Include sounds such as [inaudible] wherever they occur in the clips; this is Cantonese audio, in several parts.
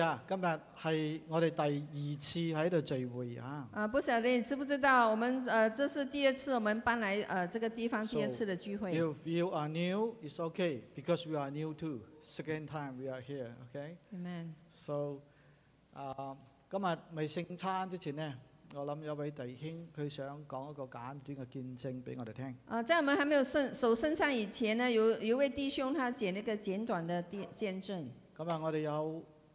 啊、yeah！今日係我哋第二次喺度聚會啊！啊、uh，不曉得你知唔知道，我們誒、呃，這是第二次我們搬來誒、呃、這個地方第二次嘅聚會。So, if you are new, it's okay because we are new too. Second time we are here, okay? Amen. So，啊、uh，今日未聖餐之前呢，我諗有位弟兄佢想講一個簡短嘅見證俾我哋聽。啊，即係我們喺未聖受聖餐以前呢，有有位弟兄他剪呢個簡短的見證。咁啊，我哋有。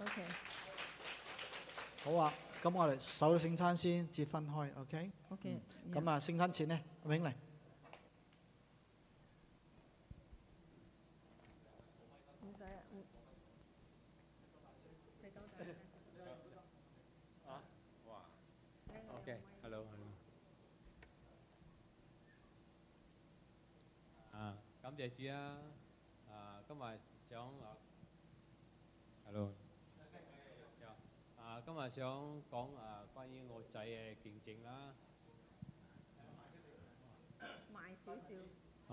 O K，好啊，咁我哋收咗聖餐先至分開，O K？O K，咁啊，聖餐前呢，永嚟唔使啊，啊，哇，O K，Hello，啊，感謝之啊，啊，今日想，Hello。今日想講啊，關於我仔嘅見證啦，賣少少。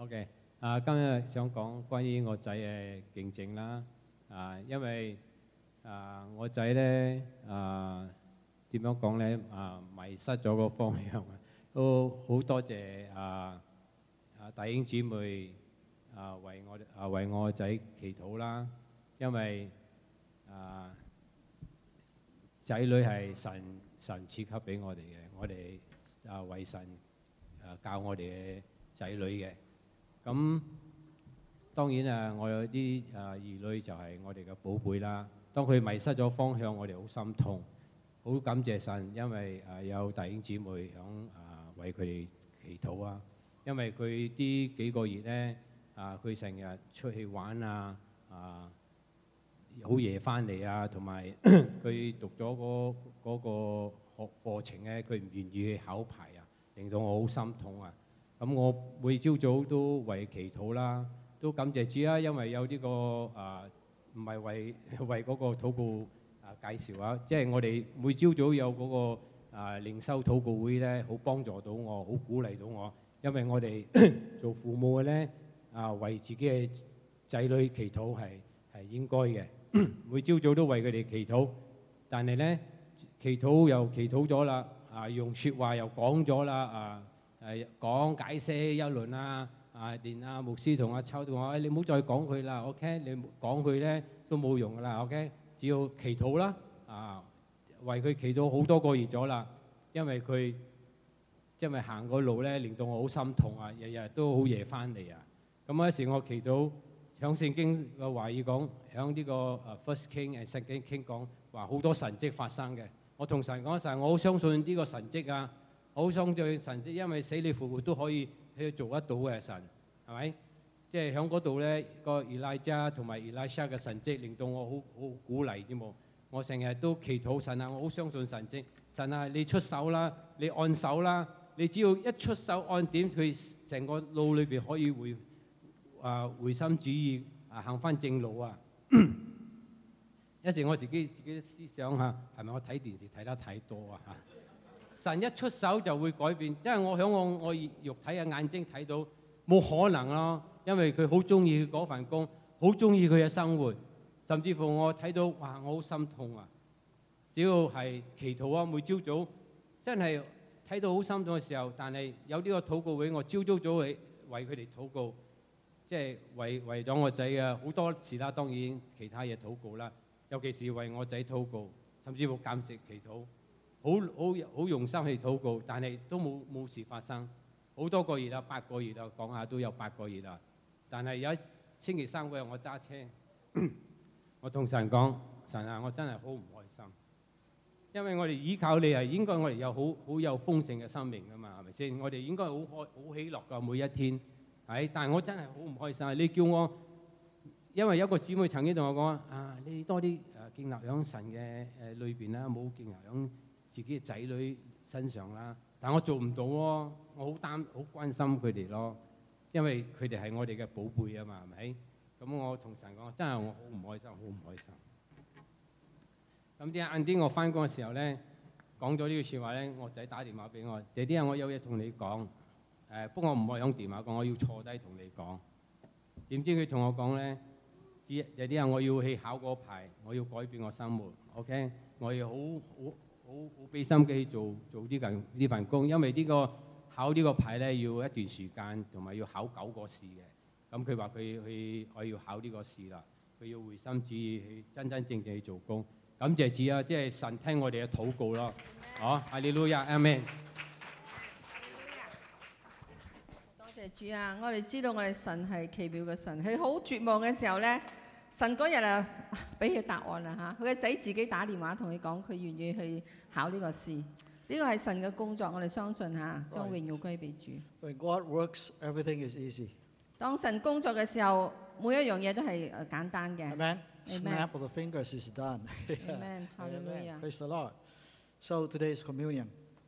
OK，啊，今日想講關於我仔嘅見證啦，啊，因為啊，我仔咧啊，點樣講咧啊，迷失咗個方向啊，都好多謝啊啊弟兄姊妹啊，為我啊為我個仔祈禱啦，因為啊。仔女係神神賜給俾我哋嘅，我哋啊為神啊教我哋嘅仔女嘅。咁當然啊，我有啲啊兒女就係我哋嘅寶貝啦。當佢迷失咗方向，我哋好心痛，好感謝神，因為啊有弟兄姊妹響啊為佢哋祈禱啊。因為佢啲幾個月咧啊，佢成日出去玩啊啊，好夜翻嚟啊，同埋佢讀咗嗰嗰個學課程咧，佢唔願意去考牌啊，令到我好心痛啊。咁我每朝早都為祈禱啦，都感謝主啊，因為有呢個啊，唔係為為嗰個禱告啊介紹啊，即係我哋每朝早有嗰個啊靈修禱告會咧，好幫助到我，好鼓勵到我。因為我哋做父母嘅咧啊，為自己嘅仔女祈禱係係應該嘅。每朝早都為佢哋祈禱，但係咧祈禱又祈禱咗啦，啊用説話又講咗啦，啊係講解釋一輪啊，啊連阿牧師同阿秋都話，你唔好再講佢啦，OK？你講佢咧都冇用噶啦，OK？只要祈禱啦，啊為佢祈禱好多個月咗啦，因為佢因為行個路咧，令到我好心痛啊，日日都好夜翻嚟啊。咁嗰時我祈禱。響聖經嘅話語講，響呢個啊 First King and Second King 講話好多神蹟發生嘅。我同神講神，我好相信呢個神蹟啊，好相信神蹟，因為死裏復活都可以去做得到嘅神，係咪？即係響嗰度咧，個 Elijah 同埋 Elisha 嘅神蹟，令到我好好鼓勵添。我成日都祈禱神啊，我好相信神蹟。神啊，你出手啦，你按手啦，你只要一出手按點，佢成個腦裏邊可以會。啊，回心轉意，啊，行翻正路啊！一時我自己自己思想吓，係咪我睇電視睇得太多啊？神一出手就會改變，即係我喺我我肉體嘅眼睛睇到冇可能咯，因為佢好中意嗰份工，好中意佢嘅生活，甚至乎我睇到哇，我好心痛啊！只要係祈禱啊，每朝早真係睇到好心痛嘅時候，但係有呢個禱告會，我朝早早去為佢哋禱告。即係為為咗我仔啊，好多次啦，當然其他嘢禱告啦，尤其是為我仔禱告，甚至乎禁食祈禱，好好好用心去禱告，但係都冇冇事發生。好多個月啦，八個月啦，講下都有八個月啦。但係有一星期三嗰日，我揸車，我同神講：神啊，我真係好唔開心，因為我哋依靠你係應該我，我哋有好好有豐盛嘅生命㗎嘛，係咪先？我哋應該好開好喜樂㗎，每一天。但係我真係好唔開心。你叫我，因為有個姊妹曾經同我講啊，你多啲誒建立喺神嘅誒裏邊啦，冇建立喺自己嘅仔女身上啦。但係我做唔到喎，我好擔好關心佢哋咯，因為佢哋係我哋嘅寶貝啊嘛，係咪？咁我同神講，真係我好唔開心，好唔開心。咁啲晏啲我翻工嘅時候咧，講咗呢句説話咧，我仔打電話俾我，Daddy 啊，我有嘢同你講。誒、啊，不過我唔可以響電話講，我要坐低同你講。點知佢同我講咧？有啲人我要去考個牌，我要改變我生活。OK，我要好好好好俾心機去做做呢份呢份工，因為呢、這個考呢個牌咧，要一段時間，同埋要考九個試嘅。咁佢話佢去我要考呢個試啦，佢要回心轉意去真真正正去做工。感謝主啊，即、就、係、是、神聽我哋嘅禱告咯。哦、啊，阿利路亞，阿門。主啊，我哋知道我哋神係奇妙嘅神。佢好絕望嘅時候咧，神嗰日啊，俾佢答案啦吓。佢個仔自己打電話同佢講，佢願意去考呢個試。呢個係神嘅工作，我哋相信吓，將榮耀歸俾主。When God works, everything is easy。當神工作嘅時候，每一樣嘢都係誒簡單嘅。Amen。Snap of the fingers is done。Amen。哈利路亞。Praise the Lord. So today's communion.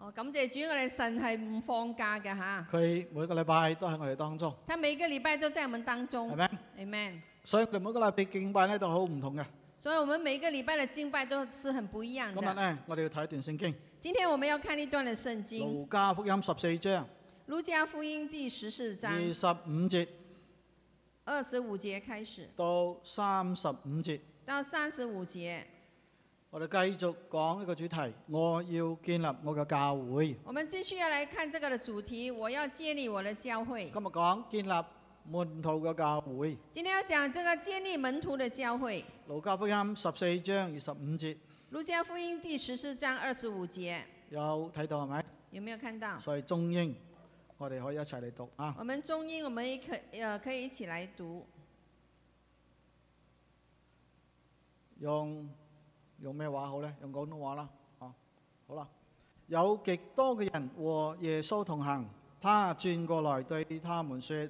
哦，感謝主，我哋神係唔放假嘅吓。佢每個禮拜都喺我哋當中。佢每個禮拜都喺我哋當中。係咩 Amen？所以佢每個禮拜敬拜咧都好唔同嘅。所以我們每個禮拜嘅敬拜都是很不一樣的。今日咧，我哋要睇一段聖經。今天我們要看呢段嘅聖經。路加福音十四章。路加福音第十四章。二十五節。二十五節開始。到三十五節。到三十五節。我哋繼續講一個主題，我要建立我嘅教會。我們繼續要來看這個的主題，我要建立我的教會。今日講建立門徒嘅教會。今天要講這個建立門徒嘅教會。路加福音十四章二十五節。路加福音第十四章二十五節。有睇到係咪？有沒有看到？所以中英，我哋可以一齊嚟讀啊。我們中英，我們可，可以一起來讀。啊、用。用咩話好呢？用廣東話啦。哦，好啦，有極多嘅人和耶穌同行，他轉過來對他們說：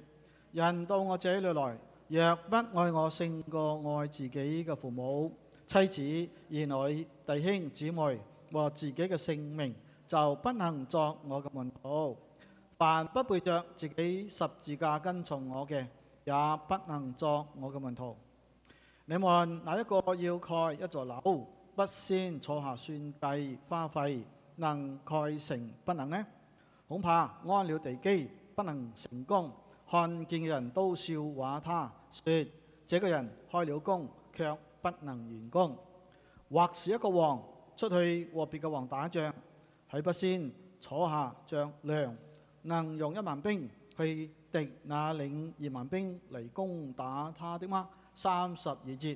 人到我這裏來，若不愛我勝過愛自己嘅父母、妻子、兒女、弟兄、姊妹和自己嘅性命，就不能作我嘅門徒。凡不背着自己十字架跟從我嘅，也不能作我嘅門徒。你們哪一個要蓋一座樓？不先坐下算計花費，能蓋成不能呢？恐怕安了地基不能成功。看見人都笑話他，說：這個人開了工卻不能完工。或是一個王出去和別個王打仗，係不先坐下丈量，能用一萬兵去敵那領二萬兵嚟攻打他的嗎？三十二節。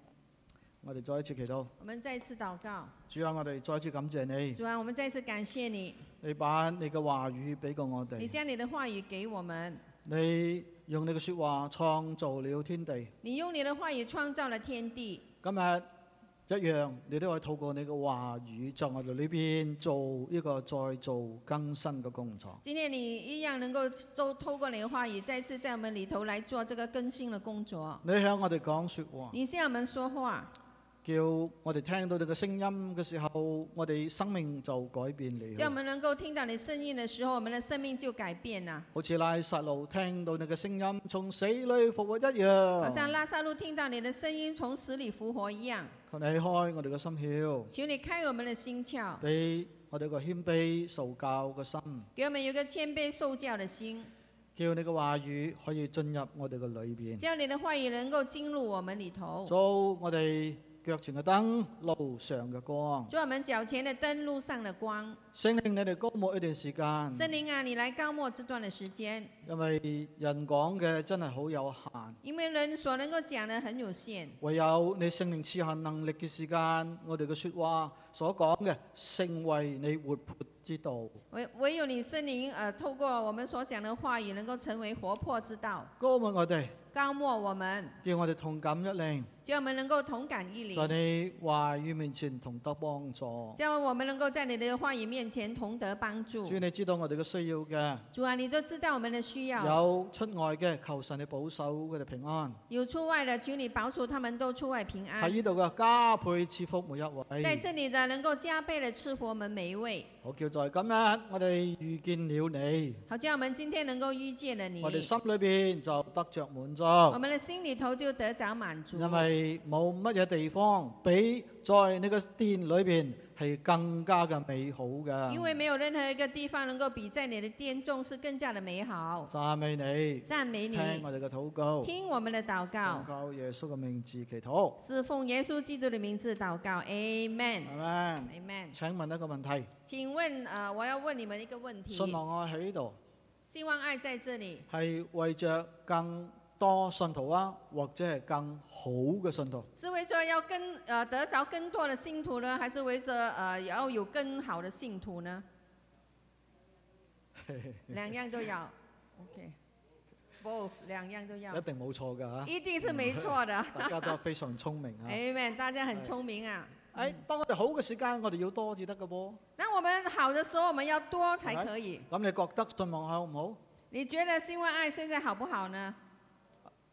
我哋再一次祈禱。我們再次禱告。主啊，我哋再次感謝你。主啊，我們再次感謝你。你把你嘅話語俾過我哋。你將你嘅話語俾我們。你用你嘅說話創造了天地。你用你嘅話語創造了天地。今日一樣，你都可以透過你嘅話語，在我哋呢邊做呢個再做更新嘅工作。今天你一樣能夠做透過你嘅話語，再次在我們裏頭嚟做這個更新嘅工作。你向我哋講說話。你向我們說話。叫我哋聽到你嘅聲音嘅時候，我哋生命就改變嚟。叫我們能夠聽到你聲音嘅時候，我們嘅生命就改變啦。好似拉撒路聽到你嘅聲音，從死裡復活一樣。好像拉撒路聽到你的聲音，從死裡復活一樣。求你開我哋嘅心竅。求你開我們嘅心竅。俾我哋個謙卑受教嘅心。給我們有個謙卑受教嘅心，心。叫你嘅話語可以進入我哋嘅裏邊。只要你嘅話語能夠進入我們裡頭。做我哋。腳前嘅燈，路上嘅光。做我們腳前嘅燈，路上嘅光。聖靈，你哋高默一段時間。聖靈啊，你來高默呢段嘅時間。因為人講嘅真係好有限。因為人所能夠講嘅很有限。唯有你聖靈賜下能力嘅時間，我哋嘅說話所講嘅，成為你活潑之道。唯唯有你聖靈，誒、呃，透過我們所講嘅話語，能夠成為活潑之道。高默我哋。我們叫我哋同感一靈，叫我們能夠同感一靈，在你話語面前同得幫助，叫我們能夠在你的話語面前同得幫助。主你知道我哋嘅需要嘅，主啊，你都知道我們的需要。有出外嘅，求神你保守佢哋平安，有出外嘅，求你保守他們都出外平安。喺呢度嘅加倍賜福每一位，在這裏的加倍的賜福我們每一位。好叫在今日我哋遇見了你，好叫我們今天能夠遇見了你，我哋心裏邊就得着滿足。我們的心裏頭就得着滿足。因為冇乜嘢地方比在呢個殿裏邊係更加嘅美好嘅。因為沒有任何一個地方能夠比在你的殿中是更加的美好。讚美你。讚美你。聽我哋嘅禱告。聽我們的禱告。奉耶穌嘅名字，祈禱。是奉耶穌基督嘅名字禱告。Amen。係咪？Amen。請問一個問題。請問，誒、呃，我要問你們一個問題。希望愛喺呢度。希望愛在這裏。係為着更。多信徒啊，或者係更好嘅信徒。是為咗要更，呃，得着更多的信徒呢？還是為咗，呃，要有更好的信徒呢？兩 [laughs] 樣都有 OK 兩樣都要。一定冇錯噶吓，一定是沒錯的，啊。 [laughs] 大家都非常聰明啊！Amen，大家很聰明啊！哎，嗯、當我哋好嘅時間，我哋要多至得噶噃。當我們好的時候，我們要多才可以。咁、right? 你覺得信望愛好唔好？你覺得信望愛現在好不好呢？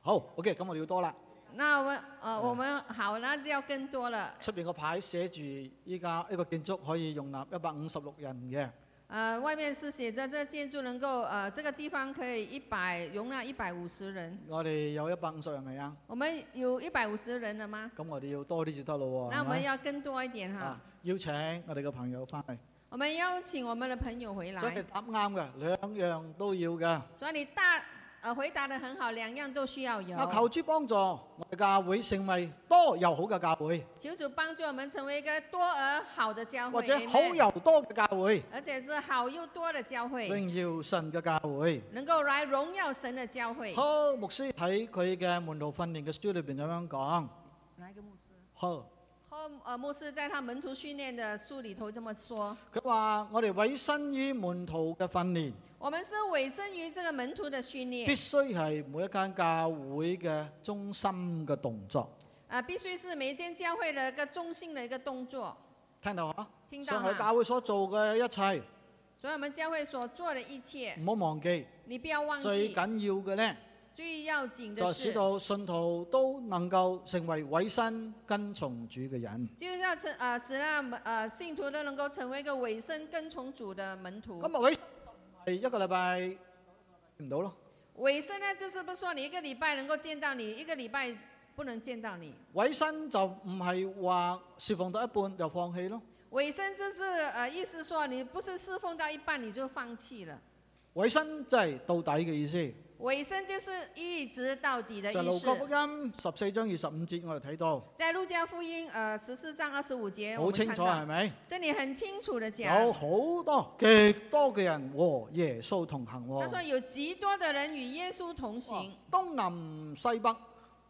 好、oh，OK，咁我哋要多啦。那我們，呃，我們好，那就要更多了。出邊個牌寫住依家一個建築可以容納一百五十六人嘅。呃，外面是寫着，這個、建築能夠，呃，這個地方可以一百容納一百五十人。我哋有一百五十人未啊？我們有一百五十人了嗎？咁我哋要多啲就得咯喎。那我們要更多一點哈。邀請我哋嘅朋友翻嚟。我、啊、們邀請我們的朋友回來。所以答啱噶，兩樣都要噶。所以你答。回答得很好，兩樣都需要有。求主幫助，我哋教會成為多又好嘅教會。求主幫助我們成為一個多而好嘅教會。或者好又多嘅教會。而且是好又多嘅教會。榮耀神嘅教會。能夠來榮耀神嘅教會。何牧師喺佢嘅門徒訓練嘅書裏邊咁樣講。哪個牧師？何，牧師在他門徒訓練的書裏頭這麼說。佢話：我哋委身於門徒嘅訓練。我們是委身於這個門徒的訓練，必須係每一間教會嘅中心嘅動作。啊，必須是每一間教會嘅一個中心嘅一個動作。聽到啊？聽到。上教會所做嘅一切，所以我們教會所做的一切，唔好忘記。你不要忘記。最緊要嘅咧，最要緊嘅，就是，使到信徒都能夠成為委身跟從主嘅人。就是要成啊，使讓啊、呃、信徒都能夠成為一個委身跟從主嘅門徒。根本一個禮拜唔到咯。委身咧，就是不說你一個禮拜能夠見到你，一個禮拜不能見到你。委身就唔係話侍奉到一半就放棄咯。委身就是誒、呃，意思說你不是侍奉到一半你就放棄了。委身即係到底嘅意思。尾聲就是一直到底的意思。路加福音十四章二十五節，我又睇到。在路加福音，誒，十四章二十五節，好清楚到係咪？這裏很清楚的講。有好多極多嘅人和、哦、耶穌同行、哦。他說有極多的人與耶穌同行。東南西北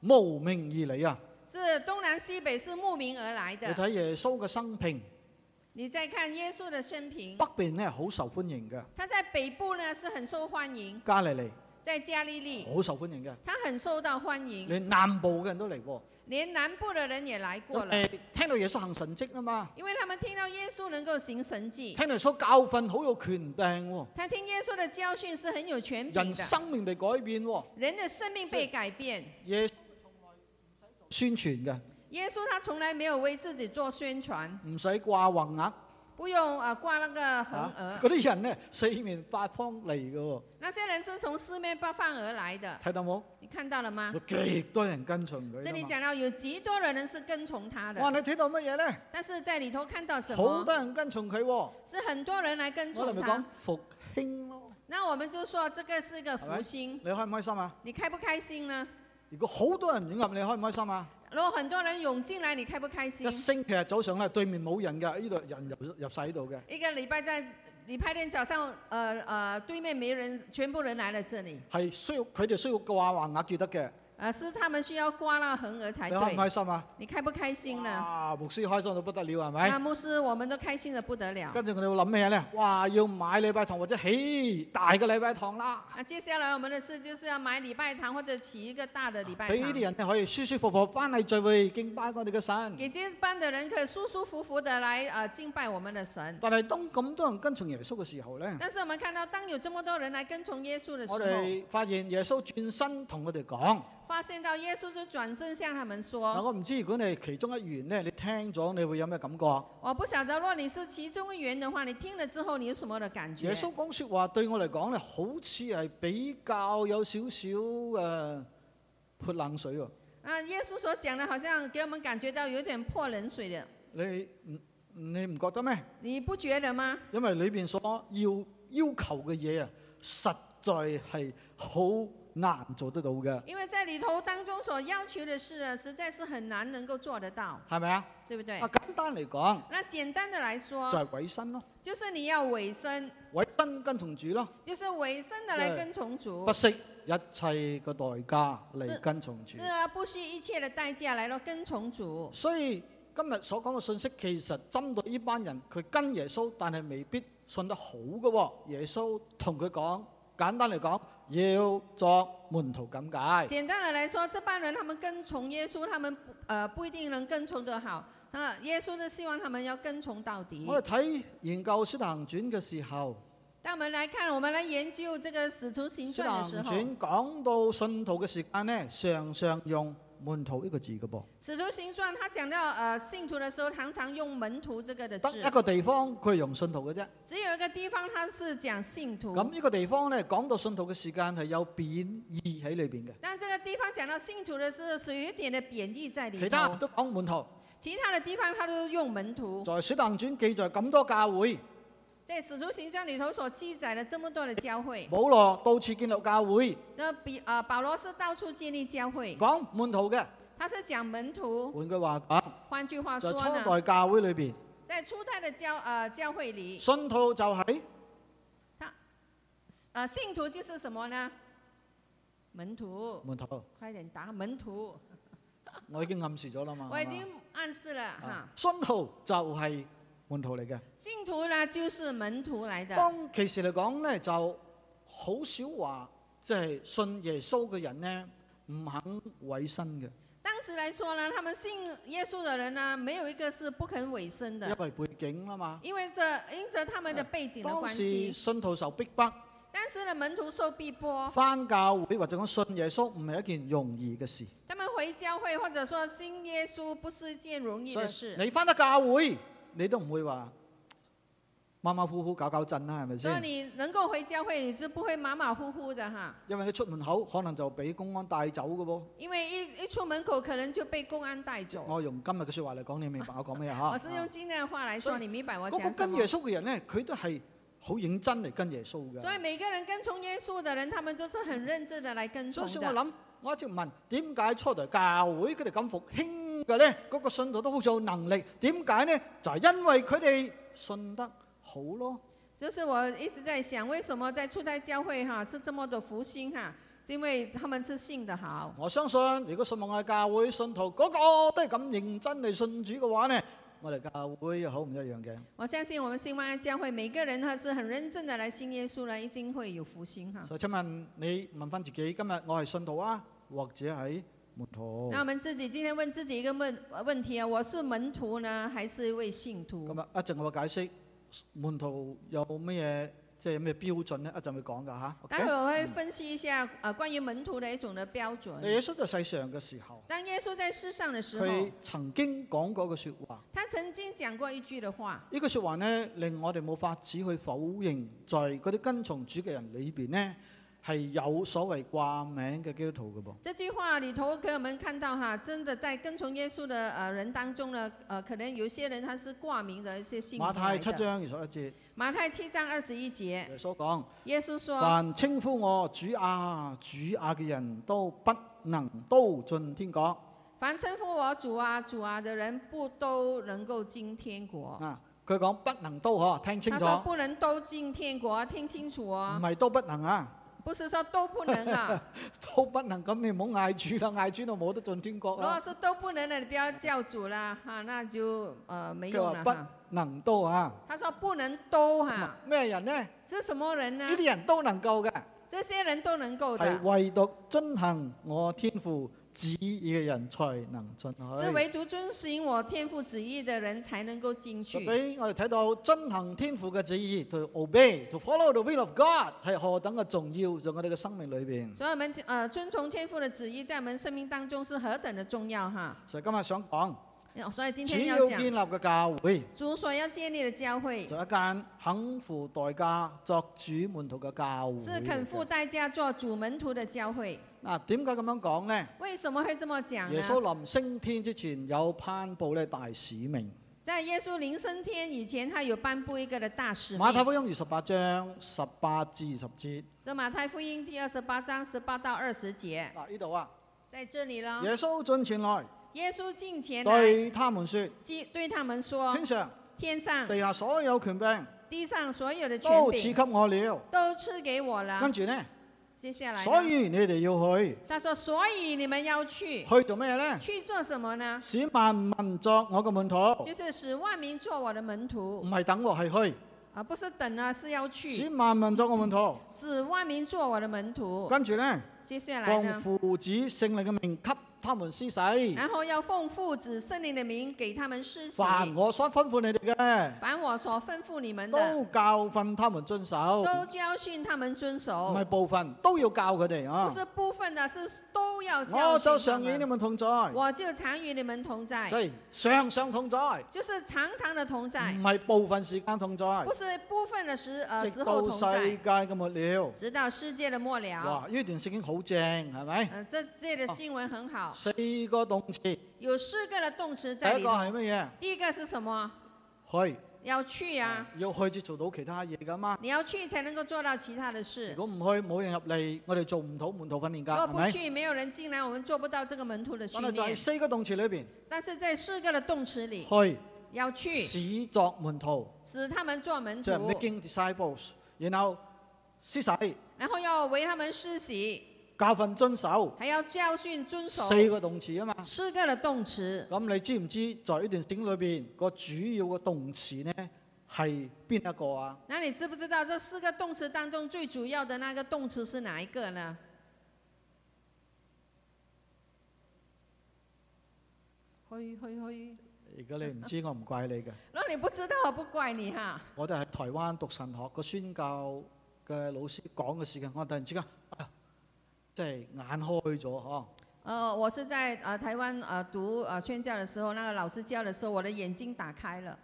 慕名而嚟啊！是東南西北是慕名而來的。你睇耶穌嘅生平，你再看耶穌嘅生平。北邊呢，好受歡迎嘅。他在北部呢，是很受歡迎。加利利。在加利利好受歡迎嘅，他很受到歡迎。連南部嘅人都嚟過，連南部嘅人也來過啦。聽到耶穌行神蹟啊嘛，因為他們聽到耶穌能夠行神蹟，聽到耶穌教訓好有權柄、哦。他聽耶穌的教訓是很有權柄，人生命被改變、哦，人的生命被改變。耶穌從來唔使做宣傳嘅，耶穌他從來沒有為自己做宣傳，唔使掛橫額。不用啊，掛那個橫額。嗰、啊、啲人呢，四面八方嚟噶、哦。那些人是從四面八方而來嘅。睇到冇？你看到了嗎？有極多人跟從佢。這裏講到有極多人是跟從他的。哇，你睇到乜嘢呢？但是在裏頭看到什麼？好多人跟從佢喎、哦。是很多人來跟從他。我同你講，復興咯。那我們就說，這個是一個復興。你開唔開心啊？你開不開心呢？如果好多人湧入，你開唔開心啊？如果很多人湧進來，你開不開心？一星期日早上咧，對面冇人嘅，呢度人入入晒呢度嘅。一個禮拜在禮拜天早上，誒、呃、誒、呃，對面沒人，全部人來了這裏。係需要佢哋需要嘅話，還額記得嘅。啊！是他們需要掛那橫額才對。你開唔開心啊？你開不開心呢？啊！牧師開心到不得了，係咪？啊！牧師，我們都開心的不得了。跟住佢哋會諗咩咧？哇！要買禮拜堂或者起大個禮拜堂啦。啊！接下來我們的事就是要買禮拜堂或者起一個大的禮拜堂。呢、啊、啲人可以舒舒服服翻嚟聚會敬拜我哋嘅神。幾經班嘅人可以舒舒服服地來啊、呃、敬拜我們嘅神。但係當咁多人跟從耶穌嘅時候咧？但是我們看到當有這麼多人嚟跟從耶穌嘅時候，我哋發現耶穌轉身同我哋講。發現到耶穌就轉身向他們說：嗱，我唔知如果你係其中一員咧，你聽咗你會有咩感覺？我不曉得，若你是其中一員的話，你聽咗之後你有什麼嘅感覺？耶穌講說話對我嚟講咧，好似係比較有少少誒潑冷水喎。啊，耶穌所講嘅，好像給我們感覺到有點潑冷水嘅。你唔你唔覺得咩？你不覺得嗎？因為裏邊所要要求嘅嘢啊，實在係好。難做得到嘅，因為在裏頭當中所要求嘅事，實在是很難能夠做得到。係咪啊？對不對？啊，簡單嚟講，那簡單的來說，就係、是、委身咯，就是你要委身，委身跟從主咯，就是委身的來跟從主，不惜一切嘅代價嚟跟從主，是啊，不惜一切的代價嚟到跟，、啊、跟從主。所以今日所講嘅信息，其實針對呢班人，佢跟耶穌，但係未必信得好嘅、哦。耶穌同佢講，簡單嚟講。要作門徒咁解。簡單的來說，這班人他們跟從耶穌，他們誒不、呃、不一定能跟從得好。那耶穌就希望他們要跟從到底。我睇研究《使徒行傳》嘅時候，但我們來看，我們嚟研究《這個使徒行傳》嘅時候，《使徒行傳》講到信徒嘅時間呢，常常用。門徒一個字嘅噃，《使徒行傳》他講到誒信徒嘅時候，常常用門徒這個字。得一個地方佢用信徒嘅啫。只有一個地方，他是講信徒。咁呢個地方咧，講到信徒嘅時間係有貶義喺裏邊嘅。但這個地方講到信徒嘅是，有一點嘅貶義在裏面。其他都講門徒。其他的地方，他都用門徒。在《使徒行傳》記載咁多教會。在使徒行傳裏頭所記載了這麼多的教會，保羅，到處建立教會。這比呃，保羅是到處建立教會。講門徒嘅，他是講門徒。換句話講，換句話說呢？就是、初代教會裏邊，在初代的教啊、呃、教會裏，信徒就喺、是，啊、呃、信徒就是什麼呢？門徒。門徒。快點答，門徒。 [laughs] 我已經暗示咗啦嘛， [laughs] 嘛。我已經暗示啦，吓、啊啊，信徒就係、是。門徒嚟嘅，信徒呢，就是門徒嚟嘅。當其實嚟講咧，就好少話，即係信耶穌嘅人咧，唔肯委身嘅。當時嚟說呢，他們信耶穌嘅人呢，沒有一個是不肯委身嘅。因為背景啊嘛，因為這，因着他們的背景的關係。信徒受逼迫，當時的門徒受逼迫。翻教會或者講信耶穌唔係一件容易嘅事。他們回教會或者說信耶穌不是一件容易嘅事。你翻到教會。你都唔會話馬馬虎虎搞搞震啦，係咪先？所以你能夠回教會，你是不會馬馬虎虎嘅。哈。因為你出門口可能就俾公安帶走嘅噃。因為一一出門口可能就被公安帶走，走。我用今日嘅説話嚟講，你明白我講咩嚇？ [laughs] 我是用今日嘅話嚟講， [laughs] 你明白我講什麼？公、那個、跟耶穌嘅人咧，佢都係好認真嚟跟耶穌嘅。所以每個人跟從耶穌嘅人，他們都是很認真地嚟跟從嘅。所，所我想，我一直問點解初代教會佢哋咁復興？嘅、那個信徒都好有能力。點解呢？就係、是、因為佢哋信得好咯。就是我一直在想，為什麼在初代教會哈、啊、是這麼多福星哈、啊？就因為他們是信得好。我相信，如果信望愛教會信徒嗰、那個都係咁認真嚟信主嘅話呢，我哋教會好唔一樣嘅。我相信，我們信望愛教會，每個人佢係很認真的嚟信耶穌啦，一定會有福星哈、啊。所以請問你問返自己，今日我係信徒啊，或者喺？那我們自己今天問自己一個問問題啊，我是門徒呢，還是一位信徒？咁啊，一陣我會解釋門徒有咩即係咩標準咧，一陣會，會講噶吓。Okay? 待會我會分析一下啊、嗯，關於門徒的一種的標準。耶穌在世上嘅時候，當耶穌在世上的時候，佢曾經講過一個說話。他曾經講過一句的話。呢句說話呢，令我哋冇法子去否認，在嗰啲跟從主嘅人裏邊呢。」係有所謂掛名嘅基督徒嘅噃。這句話裏頭，給我們看到哈，真的在跟從耶穌的，呃、人當中呢，呃，可能有些人他是掛名嘅一些信徒嚟嘅。馬太七章二十一節。馬太七章二十一節。耶穌講，耶穌說，凡稱呼我主啊主啊嘅人都不能都進天國。凡稱呼我主啊主啊嘅人不都能夠進天國。啊，佢講不能都可，聽清楚。他說不能都進天國，聽清楚哦。唔係都不能啊。不是說都不能啊， [laughs] 都不能，咁你唔好嗌主啦，嗌主就冇得進天國啦。如果是都不能咧，你不要叫主啦，哈，那就，呃，沒用啦。不能多啊。他說不能多哈。咩人呢？是什麼人呢？呢啲人都能夠嘅，這些人都能夠的。唯獨遵行我天父旨意嘅人才能進去，係唯獨遵循我天父旨意的人才能夠進去。所以，我哋睇到遵行天父嘅旨意，to obey，to follow the will of God，係何等嘅重要，在我哋嘅生命裏邊。所以，我們誒遵從天父嘅旨意，在我們生命當中是何等嘅重要哈。所以今日想講。哦、所以今天要主要建立嘅教會，主所要建立嘅教會，就一間肯付代價作主門徒嘅教會，是肯付代價作主門徒嘅教會。嗱，點解咁樣講呢？為什麼會這麼講？耶穌臨升天之前有頒布呢大使命。在耶穌臨升天以前，他有頒布一個嘅大使命。馬太福音二十八章十八至二十節。就馬太福音第二十八章十八到二十節。嗱、啊，呢度啊，在這裏咯。耶穌進前來。耶穌進前來，對他們說：對他們說，天上、地上、地下所有權柄，地上所有的權柄都賜給我了，都賜給我了。跟住呢？接下來。所以你哋要去。他說：所以你們要去。去做咩呢？去做什麼呢？使萬民作我嘅門徒。就是使萬民做我的門徒。唔係等我，係去。啊，不是等啊，是要去。使萬民作我門徒。使萬民做我的門徒。跟住呢？接下來呢？將父子聖靈嘅名他們施洗，然後要奉父子聖靈的名給他們施洗。凡我所吩咐你哋嘅，凡我所吩咐你們的，都教訓他們遵守。都教訓他們遵守。唔係部分，都要教佢哋啊。不是部分的，是都要教訓他們。我就常與你們同在，我就常與你們同在。係，常常同在。就是常常的同在。唔係部分時間同在。不是部分的時時候同在。直到世界嘅末了。直到世界的末了。哇，呢段聖經好正，係咪？嗯，這這的新聞很好。啊。四個動詞，有四個的動詞在裏面。第一個係乜嘢？第一個是什麼？去，要去啊？啊，要去就做到其他嘢噶嘛？你要去才能夠做到其他的事。如果唔去，冇人入嚟，我哋做唔到門徒訓練噶。如果不去，沒有人進來，我們做不到這個門徒的訓練。我在四個動詞裏邊，但是在四個的動詞裏，去，要去，使作門徒，使他們做門徒，就是 making disciples，然後施洗，然後要為他們施洗。教訓遵守，還要教訓遵守。四個動詞啊嘛，四個嘅動詞。咁你知唔知在呢段經裏邊個主要嘅動詞呢係邊一個啊？那你知唔知道這四個動詞當中最主要的那個動詞是哪一個呢？去去去！如果你唔知，我唔怪你嘅。 [laughs] 那你不知道，我不怪你哈。 [laughs] 我哋喺台灣讀神學，個宣教嘅老師講嘅事嘅，我突然之間。啊即、就、係、是、眼開咗嗬、哦。我是在、呃、台灣誒、呃、讀誒、呃、宣教的時候，那個老師教的時候，我的眼睛打開了。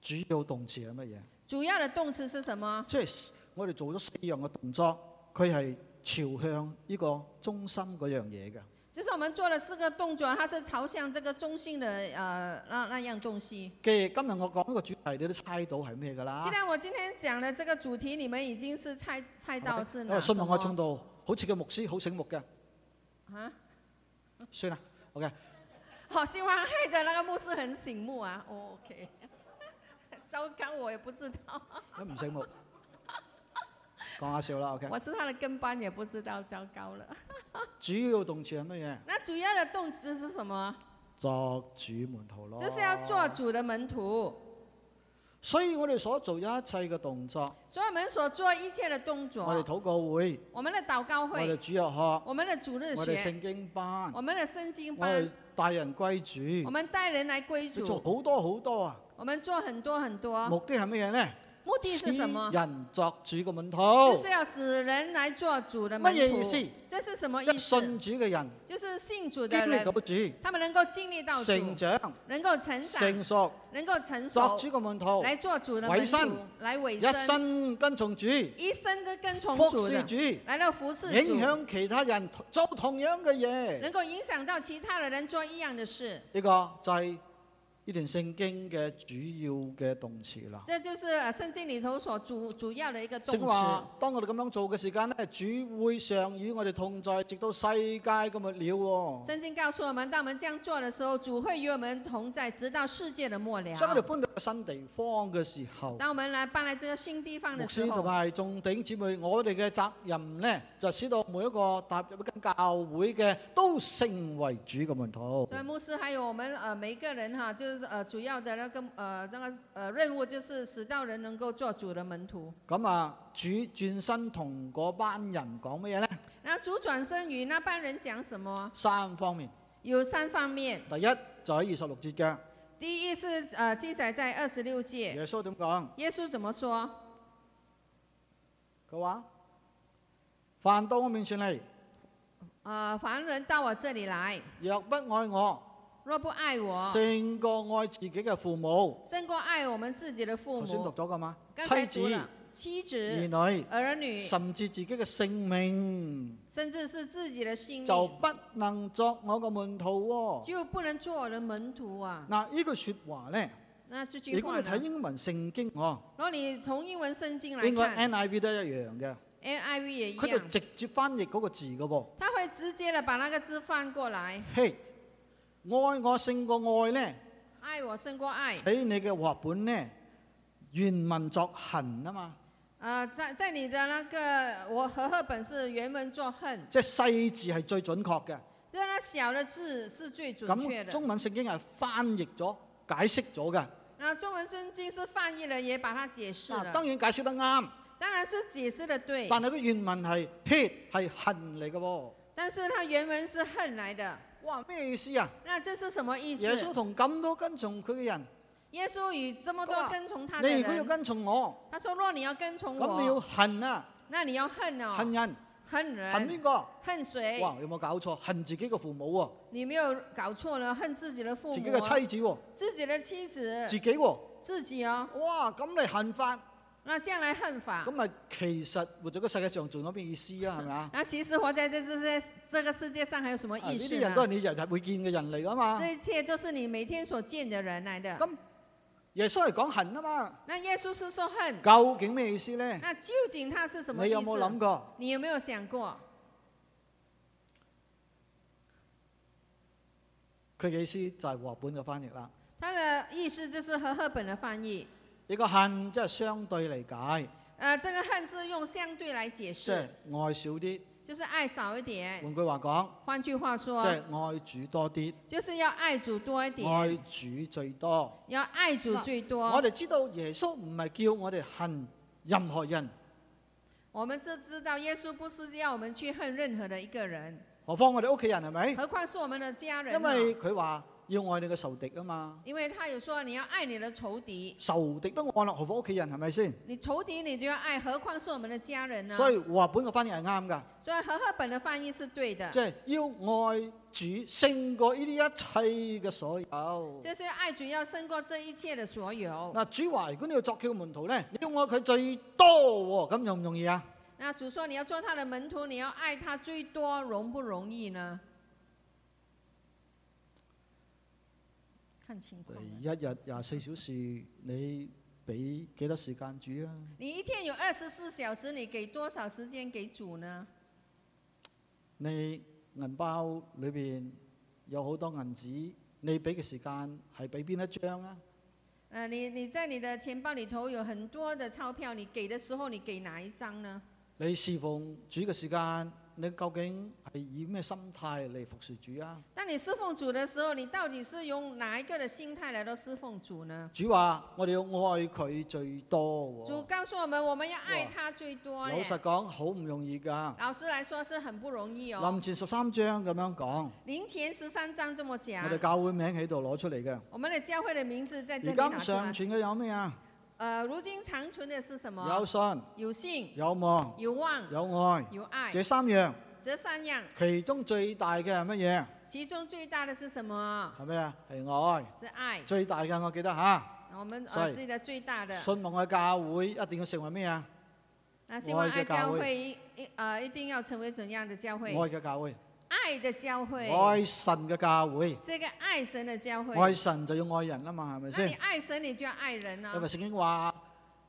主要動詞係乜嘢？主要的動詞係什麼？即、就、係、是、我哋做咗四樣嘅動作，佢係朝向呢個中心嗰樣嘢嘅。就是我們做了四個動作，它是朝向這個中心的，呃，那那樣東西。Okay, 今日我講呢個主題，你都猜到係咩噶啦？既然我今天講的這個主題，你們已經是猜猜到是咩？Okay, 呃，信我信望我做到，好似個牧師好醒目嘅。啊？算啦，OK。好，希望係嘅，那個牧師很醒目啊。Oh, OK。 [laughs] 糟糕，我也不知道。都 [laughs] 唔醒目。Okay、我是他的跟班，也不知道，糟糕了。 [laughs] 主要動詞係乜嘢？那主要的動詞是什麼？做主門徒咯。這是要做主的門徒，所以我哋所做一切嘅動作。所以，我們所做一切的動作。我哋禱告會。我們的禱告會。我哋主日學。我們的主日學。我哋聖經班。我們的聖經班。我哋帶人歸主。我們帶人來歸主。做好多好多啊！我們做很多很多。目的係乜嘢呢？目的是什麼？使人作主嘅門徒，就是要使人來做主的門徒。乜嘢意思？這是什麼意思？一信主的人，就是信主的人，經歷到主，他們能夠經歷到成長，能夠成長，成熟，能夠成熟。作主嘅門徒，來作主的門徒，來委身，一生跟從主，一生都跟從主，服侍主，來到服侍主，影響其他人做同樣嘅嘢，能夠影響到其他的人做一樣的事。一、這個在、就是。呢段聖經嘅主要嘅動詞啦。這就是聖經裏頭所主主要嘅一個動詞。當我哋咁樣做嘅時間咧，主會上與我哋同在，直到世界嘅末了。聖經告訴我們，當我們這樣做的時候，主會與我們同在，直到世界的末了。當我哋搬到新地方嘅時候，當我們嚟搬嚟呢個新地方嘅時候。牧師同埋眾弟兄姊妹，我哋嘅責任咧，就使到每一個踏入一間教會嘅都成為主嘅門徒。所以牧師還有我們誒、呃、每一個人哈、啊、就。就主要的那個誒、呃，那個誒、呃、任務，就是使到人能夠做主的門徒。咁啊，主轉身同班人講咩嘢呢？那主轉身與那班人講什麼？三方面。有三方面。第一就喺二十六節嘅。第一是誒、呃、記載在二十六節。耶穌點講？耶穌怎麼說？佢話：凡到我面前嚟，誒、呃、凡人到我這裏來，若不愛我。若不愛我，勝過愛自己嘅父母；勝過愛我們自己嘅父母。讀咗噶嘛？妻子、妻子、兒女、兒女，甚至自己嘅性命，甚至是自己嘅性命，就不能作我嘅門徒哦！就不能做我嘅門徒啊！嗱，呢句說話咧，你講嚟睇英文聖經哦。如果你從英文聖經嚟看，應該 NIV 都係一樣嘅，NIV 也一樣，佢就直接翻譯嗰個字㗎喎。佢會直接嘅把那個字翻過來。嘿、hey。愛我勝過愛咧，愛我勝過愛。喺你嘅和合本咧，原文作恨啊嘛。誒，即即係你的那個，我和合本是原文作恨。即係細字係最準確嘅。即係那小嘅字是最準確嘅。確中文聖經係翻譯咗，解釋咗嘅。那中文聖經是翻譯了，也把它解釋。啊，當然解釋得啱。當然是解釋得對。但係個原文係 hit 係恨嚟嘅喎。但是，它原文是恨嚟嘅。哇，咩意思啊？那這是什麼意思？耶穌同咁多跟從佢嘅人，耶穌與這麼多跟從他的人，你如果要跟從我，他說若你要跟從我，咁你要恨啊？那你要恨哦，恨人，恨人，恨邊個，恨誰？哇，有冇搞錯？恨自己嘅父母喎，啊？你沒有搞錯了，恨自己的父母，自己嘅妻子，啊、自己的妻子，自己喎，自己啊？哇，咁你恨法？那這樣來恨法咁啊？其實活在個世界上仲有咩意思啊？係咪啊？那其實活在即即即這個世界上還有什麼意思？呢啲人都係你日日會見嘅人嚟㗎嘛？這一切都是你每天所見嘅人嚟的。咁耶穌係講恨啊嘛？那耶穌是說恨？究竟咩意思咧？那究竟他是什麼意思？你有冇諗過？你有沒有想過？佢嘅意思就係和合本嘅翻譯啦。他的意思就是和合本嘅翻譯。呢、這個恨即係相對嚟解。誒、呃，這個恨是用相對嚟解釋。就是、愛少啲，就是愛少一點。換句話講，換句話說，即、就、係、是、愛主多啲，就是要愛主多一點。愛主最多，要愛主最多。我哋知道耶穌唔係叫我哋恨任何人。我們只知道耶穌不是要我們去恨任何的一個人。何況我哋屋企人係咪？何況是我們的家人。是是因為佢話。要愛你嘅仇敵啊嘛，因為他有說你要愛你嘅仇敵，仇敵都愛落，何況屋企人係咪先？你仇敵你就要愛，何況是我們嘅家人呢、啊？所以和合本嘅翻譯係啱噶，所以和合本嘅翻譯是對嘅，即係、就是、要愛主勝過呢啲一切嘅所有，就是要愛主要勝過這一切嘅所有。嗱，主話如果你要作佢嘅門徒咧，你要愛佢最多、哦，咁容唔容易啊？那主說你要做他的門徒，你要愛他最多，容唔容易呢？睇情況啊。一日廿四小時，你俾幾多時間煮啊？你一天有二十四小時，你給多少時間給煮呢？你銀包裏面有好多銀紙，你俾嘅時間係俾邊一張啊？你你在你的錢包裏頭有很多的鈔票，你給的時候你給哪一張呢？你侍奉煮嘅時間。你究竟係以咩心態嚟服侍主啊？當你侍奉主的時候，你到底是用哪一個的心態嚟到侍奉主呢？主話：我哋要愛佢最多、哦。主告訴我們，我們要愛他最多。老實講，好唔容易噶。老實來說，是很不容易哦。林前十三章咁樣講。林前十三章這麼講。我哋教會名喺度攞出嚟嘅。我們的教會的名字在這裏。而家上傳嘅有咩啊？.呃、如今長存的是什麼？有信。有信。有望。有望。有愛。有愛。這三樣。這三樣。其中最大嘅係乜嘢？其中最大的是什麼？係咩啊？係愛。是愛。最大嘅我記得吓。我們自己的最大的。信望愛教會一定要成為咩啊？那希望愛教會，愛嘅教會、呃。一定要成為怎樣的教會？愛嘅教會。愛的教會，愛神嘅教會，這個愛神的教會，愛神就要愛人啦嘛，係咪先？你愛神，你就要愛人啊、哦。因為聖經話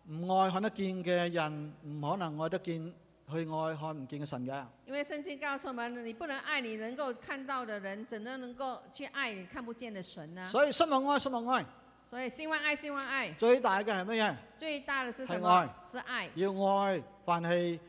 唔愛看得見嘅人，唔可能愛得見去愛看唔見嘅神嘅。因為聖經告訴我們，你不能愛你能夠看到的人，怎能能夠去愛你看不見嘅神呢、啊？所以信望愛，信望愛，所以信望愛，信望愛。最大嘅係乜嘢？最大的是什麼？最大嘅係愛，是愛。要愛凡係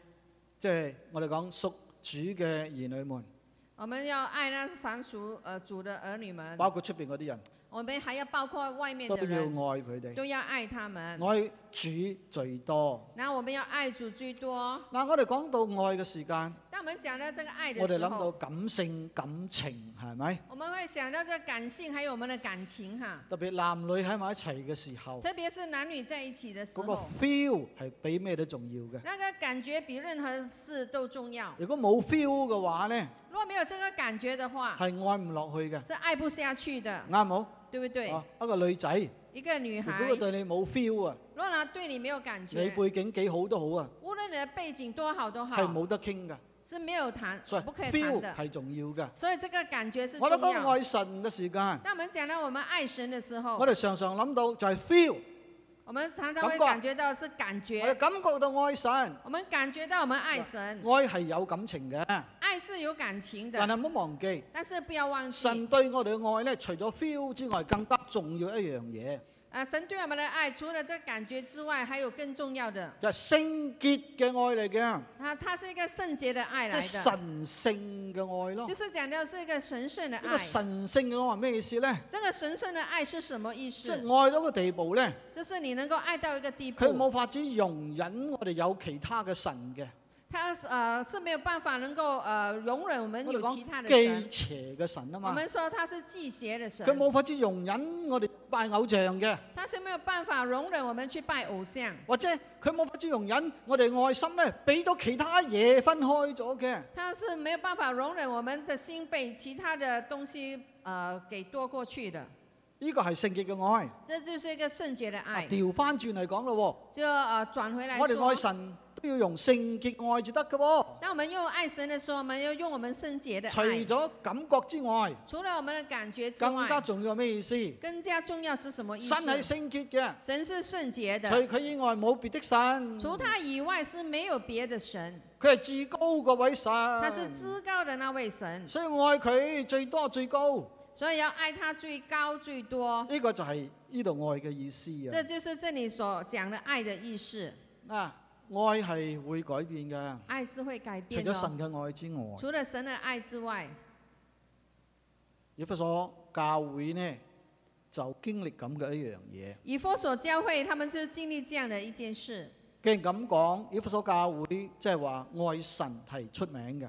即係我哋講屬主嘅兒女們。我們要愛呢凡屬，呃，主的兒女們，包括出邊嗰啲人，我們還要包括外面的人，都要愛佢哋，都要愛他們。愛主最多，嗱，我們要愛主最多。嗱，我哋講到愛嘅時間。我們講到這個愛的時候，我哋諗到感性感情係咪？我們會想到這個感性，還有我們的感情哈。特別男女喺埋一齊嘅時候，特別是男女在一起的時候，嗰、那個 feel 係比咩都重要嘅。那個感覺比任何事都重要。如果冇 feel 嘅話呢？如果沒有這個感覺嘅話，係愛唔落去嘅，是愛不下去嘅。啱冇？對不對？哦、一個女仔，一個女孩，如果佢對你冇 feel 啊，如果佢對你沒有感覺，你背景幾好都好啊，無論你的背景多好都好，係冇得傾㗎。是沒有談，不可以談的，feel 係重要的。所以這個感覺是重要的。我都講愛神嘅時間。那我們講到我們愛神的時候，我哋常常諗到就係 feel。我們常常會感覺到是感覺。我們感覺到愛神。我們感覺到我們愛神。愛係有感情嘅。愛是有感情的。但係唔好忘記。但是不要忘記。神對我哋嘅愛咧，除咗 feel 之外，更加重要一樣嘢。啊！神對我們的愛，除了這個感覺之外，還有更重要的，就是，聖潔嘅愛嚟嘅。啊，它是一個聖潔的愛嚟。即、就、係、是、神聖嘅愛咯。就是講到是一個神聖的愛。呢、這個神聖的愛咩意思呢？這個神聖的愛是什麼意思？就是，愛到個地步呢，就是你能夠愛到一個地步。佢冇法子容忍我哋有其他嘅神嘅。他是呃，是沒有辦法能夠呃，容忍我們有我們其他的神。我們說他是忌邪嘅神啊嘛。我們說他是忌邪嘅神。佢冇法子容忍我哋拜偶像嘅。他是沒有辦法容忍我們去拜偶像。或者佢冇法子容忍我哋愛心咧俾到其他嘢分開咗嘅。他是沒有辦法容忍我們的心被其他的東西呃給奪過去的。呢、這個係聖潔嘅愛。這就是一個聖潔的愛。調翻轉嚟講咯喎、哦。就誒、呃、轉回來。我哋愛神。要用聖潔愛就得嘅喎。那我們用愛神的時候，我們要用我們聖潔的。除咗感覺之外，除了我們的感覺之外，更加重要咩意思？更加重要是什麼意思？神係聖潔嘅，神是聖潔的。除佢以外冇別的神，除他以外是沒有別的神。佢係至高嗰位神，他是至高的那位神，所以我愛佢最多最高。所以要愛他最高最多。呢、呢個就係呢度愛嘅意思啊！這就是這裏所講的愛的意思。嗱、啊。愛係會改變嘅，愛是會改變，除咗神嘅愛之外，除咗神嘅愛之外，以弗所教會呢就經歷咁嘅一樣嘢。以弗所教會，他們就經歷這樣嘅一件事。既然咁講，以弗所教會即係話愛神係出名嘅。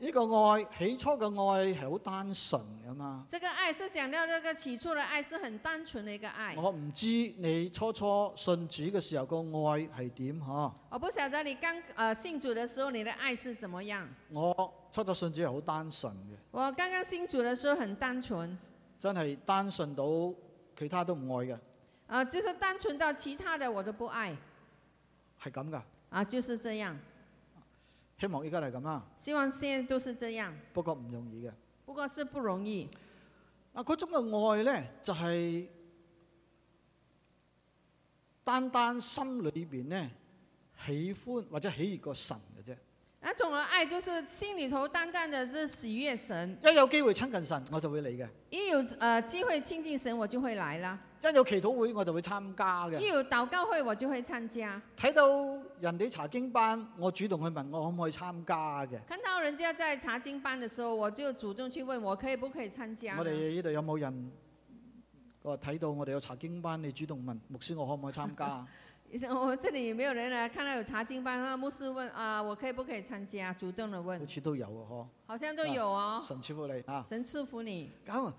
呢、這個愛起初嘅愛係好單純噶嘛？這個愛是講到，呢個起初嘅愛是很單純的一個愛。我唔知你初初信主嘅時候，這個愛係點嗬？我不曉得你剛誒、呃、信主嘅時候，你嘅愛是怎麼樣？我初初信主係好單純嘅。我剛剛信主嘅時候很單純，真係單純到其他都唔愛嘅。啊、呃，就是單純到其他嘅，我都不愛，係咁噶？啊，就是這樣。希望而家係咁啊！希望先都是這樣。不過唔容易嘅。不過是不容易。啊，嗰種嘅愛咧，就係、是、單單心裏邊咧喜歡或者喜悅個神嘅啫。啊，種嘅愛就是心裏頭單單嘅是喜悅神。一有機會親近神，我就會嚟嘅。一有誒機會親近神，我就會嚟啦。一有祈禱會，我就會參加嘅。一有禱告會，我就會參加。睇到人哋查經班，我主動去問，我可唔可以參加嘅？看到人家在查經班嘅時候，我就主動去問我可不可以參加。我哋呢度有冇人？我睇到我哋有查經班，你主動問牧師，我可唔可以參加？ [laughs] 我這裏有沒有人？看到有查經班，牧師問啊、呃，我可以不可以參加？主動的問。好似都有嘅嗬。好像都有哦、啊。神賜福你啊！神賜福你。咁、啊啊，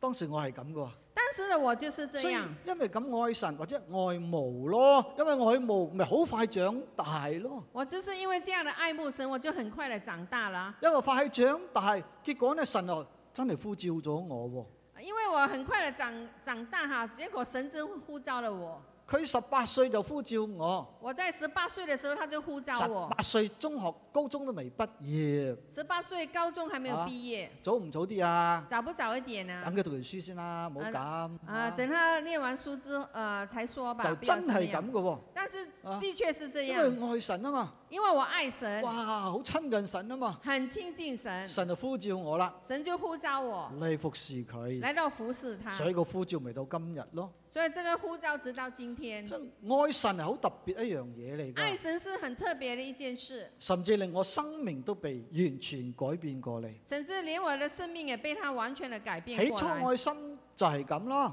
當時我係咁嘅。當時的我就是這樣，因為咁愛神或者愛慕咯，因為愛慕，咪好快長大咯。我就是因為這樣的愛慕神，我就很快的長大啦，因為快長大，結果呢神就真係呼召咗我。因為我很快的長長大吓，結果神真呼召了我。佢十八歲就呼召我。我在十八歲嘅時候，他就呼召我。十八歲中學、高中都未畢業。十八歲高中還沒有畢業。啊、早唔早啲啊？早不早一點啊？等佢讀完書先啦、啊，唔好咁。啊，等他念完書之後，呃，才說吧。就真係咁㗎喎。但是，的確是這樣。啊、因為愛神啊嘛。因為我愛神，哇，好親近神啊嘛，很親近神，神就呼召我啦，神就呼召我嚟服侍佢，來到服侍他，所以個呼召未到今日咯，所以這個呼召直到今天，愛神係好特別一樣嘢嚟，愛神是很特別嘅一件事，嗯，甚至令我生命都被完全改變過嚟，甚至連我嘅生命也被他完全的改變，起初愛神就係咁咯。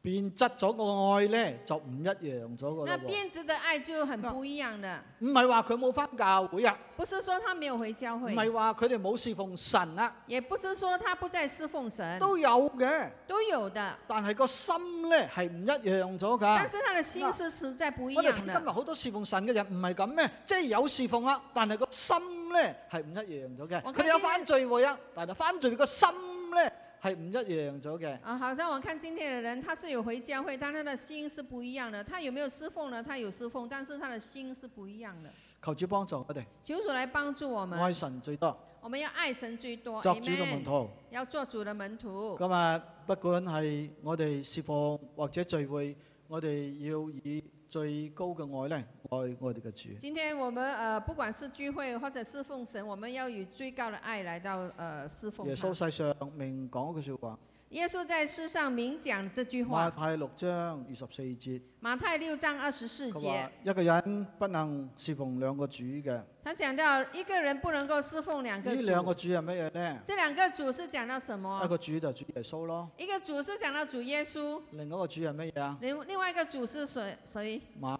變質咗個愛咧，就唔一樣咗個。那變質嘅愛就很不一樣的。唔係話佢冇返教會呀？不是說他沒有回教會啊。唔係話佢哋冇侍奉神啊？也不是說他不再侍奉神啊。都有嘅。都有的。但係個心咧，係唔一樣咗噶啊。但是佢嘅心思實在不一樣。我哋睇今日好多侍奉神嘅人唔係咁咩？即係有侍奉啊，但係個心咧，係唔一樣咗嘅。佢哋有犯罪喎啊，一但係犯罪個心咧。係唔一樣咗嘅。啊，好像我看今天嘅人，他是有回教會，但他的心是不一樣嘅。他有沒有侍奉呢？他有侍奉，但是他的心是不一樣嘅。求主幫助我哋。求主來幫助我們。愛神最多。我們要愛神最多。做主嘅門徒。Amen? 要做主嘅門徒。今日不管係我哋侍奉或者聚會，我哋要以。最高嘅愛咧，愛我哋嘅主。今天，我們誒、呃，不管是聚會或者是奉神，我們要以最高的愛來到誒、呃、侍奉。耶穌世上面講一句説話。耶穌在世上明講這句話。馬太六章二十四節。馬太六章二十四節。一個人不能侍奉兩個主嘅。他講到一個人不能夠侍奉兩個主。呢兩個主係乜嘢呢？這兩個主是講到什麼？一個主就主耶穌咯。一個主是講到主耶穌。另一個主係乜嘢啊？另另外一個主是誰？誰？馬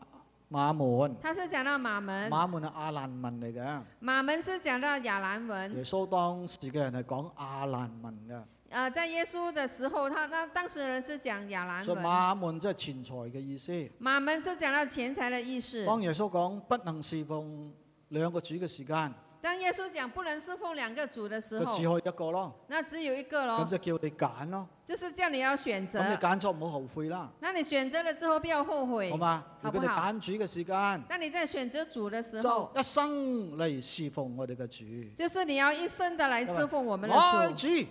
馬門。他是講到馬門。馬門係亞蘭文嚟嘅。馬門是講到亞蘭文。耶穌當時嘅人係講亞蘭文嘅。啊、呃！在耶穌的時候，他那當時人是講亞蘭文。說馬門就係錢財嘅意思。馬門是講到錢財嘅意思。當耶穌講不能侍奉兩個主嘅時間。當耶穌講不能侍奉兩個主嘅時候。就只可以一個咯。那只有一個咯。咁就叫你揀咯。就是叫你要選擇。咁你揀錯唔好後悔啦。那你選擇了之後，不要後悔。好嘛，好不好？揀主嘅時間。那你在選擇主的時候。就一生嚟侍奉我哋嘅主。就是你要一生的嚟侍奉我們嘅主。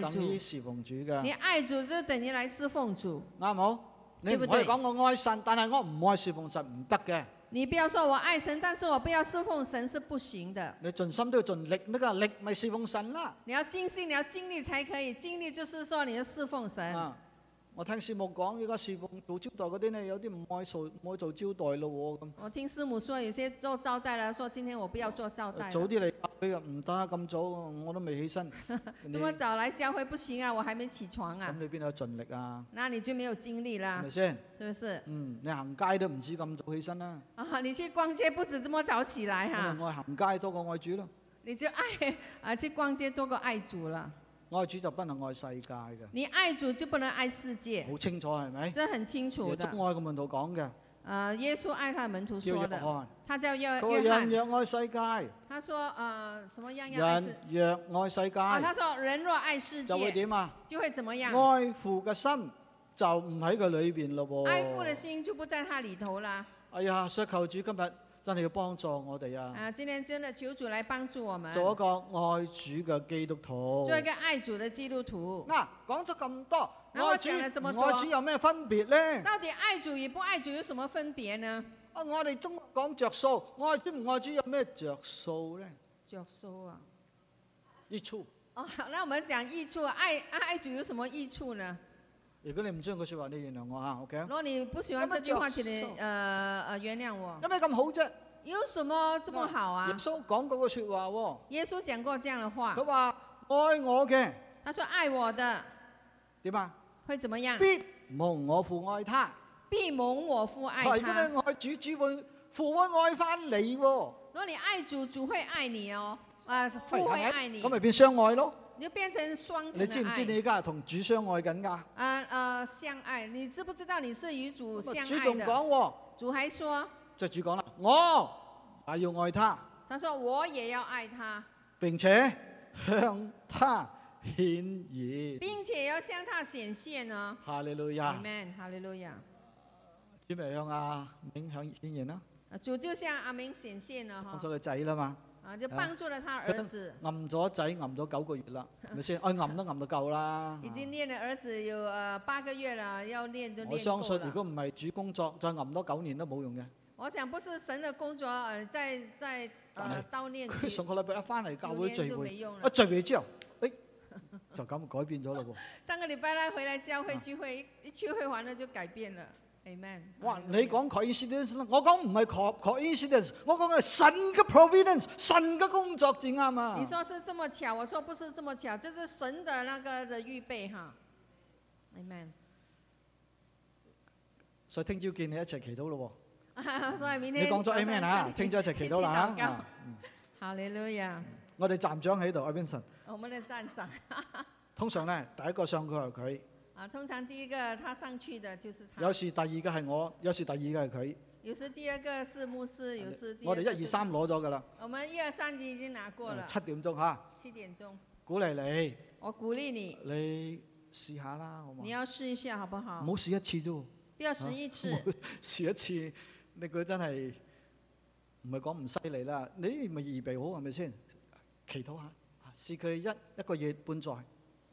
等於侍奉主嘅，你愛主就等於來侍奉主，啱冇？你唔可以講我愛神，對對但係我唔愛侍奉神唔得嘅。你不要說我愛神，但是我不要侍奉神是不行的。你盡心都要盡力，呢個力咪侍奉神啦。你要盡心，你要盡力才可以，盡力就是說你要侍奉神。啊我聽師母講，依家事務做招待嗰啲呢，有啲唔愛做，唔愛做招待咯、哦。我聽師母說，有些做招待啦，說今天我不要做招待。早啲嚟，唔得咁早，我都未起身。咁 [laughs] 早嚟教會不行啊，我還沒起床啊。咁你邊度有盡力啊？那你就沒有精力啦，係咪先？是不是？嗯，你行街都唔止咁早起身啦、啊。啊，你去逛街不止咁早起來嚇、啊。我行街多，街多過愛主咯。你就愛啊去逛街多過愛主啦。愛主就不能愛世界嘅。你愛主就不能愛世界。好清楚係咪？真係很清楚。亦都愛嘅門徒講嘅。啊、呃，耶穌愛佢門徒，說的。他叫約翰。佢人若愛世界，他說啊、呃，什麼樣樣？人若愛世界、啊。他說人若愛世界。就會點啊？就會怎麼樣？愛父嘅心就唔喺佢裏邊咯噃。愛父的心就不在他裏頭啦。哎呀，所求主今日。真係要幫助我哋啊！啊，今天真係求主來幫助我們，做一個愛主嘅基督徒，做一個愛主嘅基督徒。嗱、啊，講咗咁多，愛主愛主有咩分別咧？到底愛主與不愛主有什麼分別呢？啊，我哋中講着數，愛主唔愛主有咩着數咧？着數啊，益處。哦，好，那我們講益處、啊，愛愛主有什麼益處呢？如果你唔中意個說話，你原諒我吓，OK，如果你不喜歡這句話，請你誒誒原諒我。有咩咁好啫？有什麼這麼好啊？耶穌講過個說話。耶穌講過這樣嘅話。佢話，愛我嘅，他說愛我的，點啊？會怎麼樣？必蒙我父愛他。必蒙我父愛他。係咩？愛主主會父愛愛翻你喎、哦。如果你愛主，主會愛你哦。啊，父會愛你。咁咪變相愛咯？你變成雙重？你知唔知你而家同主相愛緊噶、啊？啊啊、呃，相愛！你知唔知道你是與主相愛？主仲講喎，主還說：就主講啦，我啊，要愛他。想說：我也要愛他，並且向他顯現，並且要向他顯現啊！哈利路亞！阿門！哈利路亞！準備向阿明向顯現啦！啊，主就向阿明顯現啊，哈！做佢仔啦嘛。就幫助了他兒子，揞、嗯、咗、嗯、仔揞咗、嗯、九個月啦，係咪先？哎、嗯、揞都揞到夠啦，已經練了兒子有誒、呃、八個月啦，要練都練過啦。我相信如果唔係主工作，再揞多、呃、九年都冇用嘅。我想不是神的工作，而係在在誒悼念。上個禮拜一翻嚟教會聚會，一聚會之後，誒、哎、就咁改變咗嘞喎。 [laughs] 上個禮拜佢回來教會聚會， [laughs] 一聚會完了就改變了。Amen, 哇！你講 coincidence，我講唔係 coincidence 嘅，我講係神嘅 providence，神嘅工作最啱啊！你說是這麼巧，我說不是這麼巧，這是神嘅那個的預備哈。Amen。所以聽朝見你一齊祈禱咯。啊，所以明天你講咗 Amen 啊，聽朝一齊祈禱啦。哈利路亞。我哋站長喺度，阿 Vincent。我哋站長。 [laughs] 通常咧，第一個上台係佢。啊，通常第一個他上去的，就是他。有時第二個係我，有時第二個係佢。有時第二個是牧師，有時我哋一二三攞咗噶啦。我們一二三級已經拿過了。七點鐘吓。七點鐘。鼓勵你。我鼓勵你。你試下啦，好唔好？你要試一下，好不好？唔好試一次都。要試一次。啊、試一次， [laughs] 你估真係唔係講唔犀利啦。你咪預備好係咪先？祈禱下，試佢一一個月半載，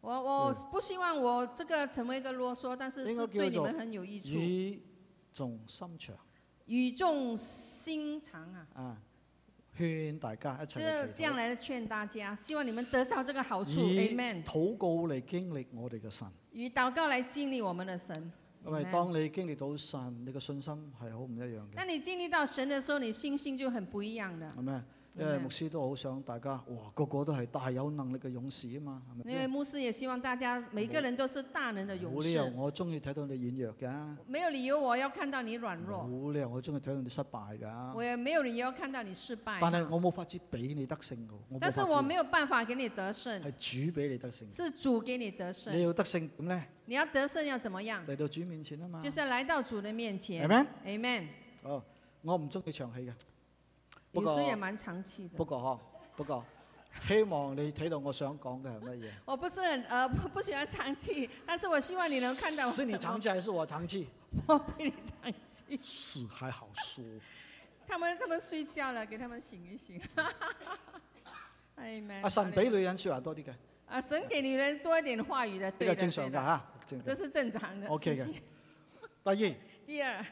我我不希望我這個成為一個囉嗦，但是是對你們很有益處。語重心長，語重心長啊！啊，勸大家一齊。就這樣嚟勸大家，希望你們得到這個好處。Amen。禱告嚟經歷我哋嘅神。以禱告嚟經歷我們的神。因為當你經歷到神，你嘅信心係好唔一樣嘅。但你經歷到神嘅時候，你信心就很不一樣嘅。Amen 因為，牧師都好想大家，哇，個個都係大有能力嘅勇士啊嘛。因為牧師也希望大家每個人都是大能嘅勇士。冇理由我中意睇到你軟弱嘅。沒有理由我要看到你軟弱。冇理由我中意睇到你失敗噶我也沒有理由要看到你失敗。但係我冇法子俾你得勝。但是我沒有辦法給你得勝。係主俾你得勝。是主給你得勝。你要得勝點咧？你要得勝要怎麼樣？嚟到主面前啊嘛。就是來到主的面前。阿門。阿門。oh, 哦，我唔中意長氣嘅。不過不過嗬，不過，不過，不過希望你睇到我想講嘅係乜嘢。我不是很，誒、呃，不不喜歡長氣，但是我希望你能看到我。是你長氣還是我長氣？我比你長氣。是，還好說。 [laughs] 他們他們睡覺了，給他們醒一醒。阿 [laughs] 神比女人說話、啊、多啲嘅。阿、啊、神俾女人多一點話語嘅、這個，對，的對的正常噶吓，這是正常的。O K 嘅。 [laughs] 第二。第二。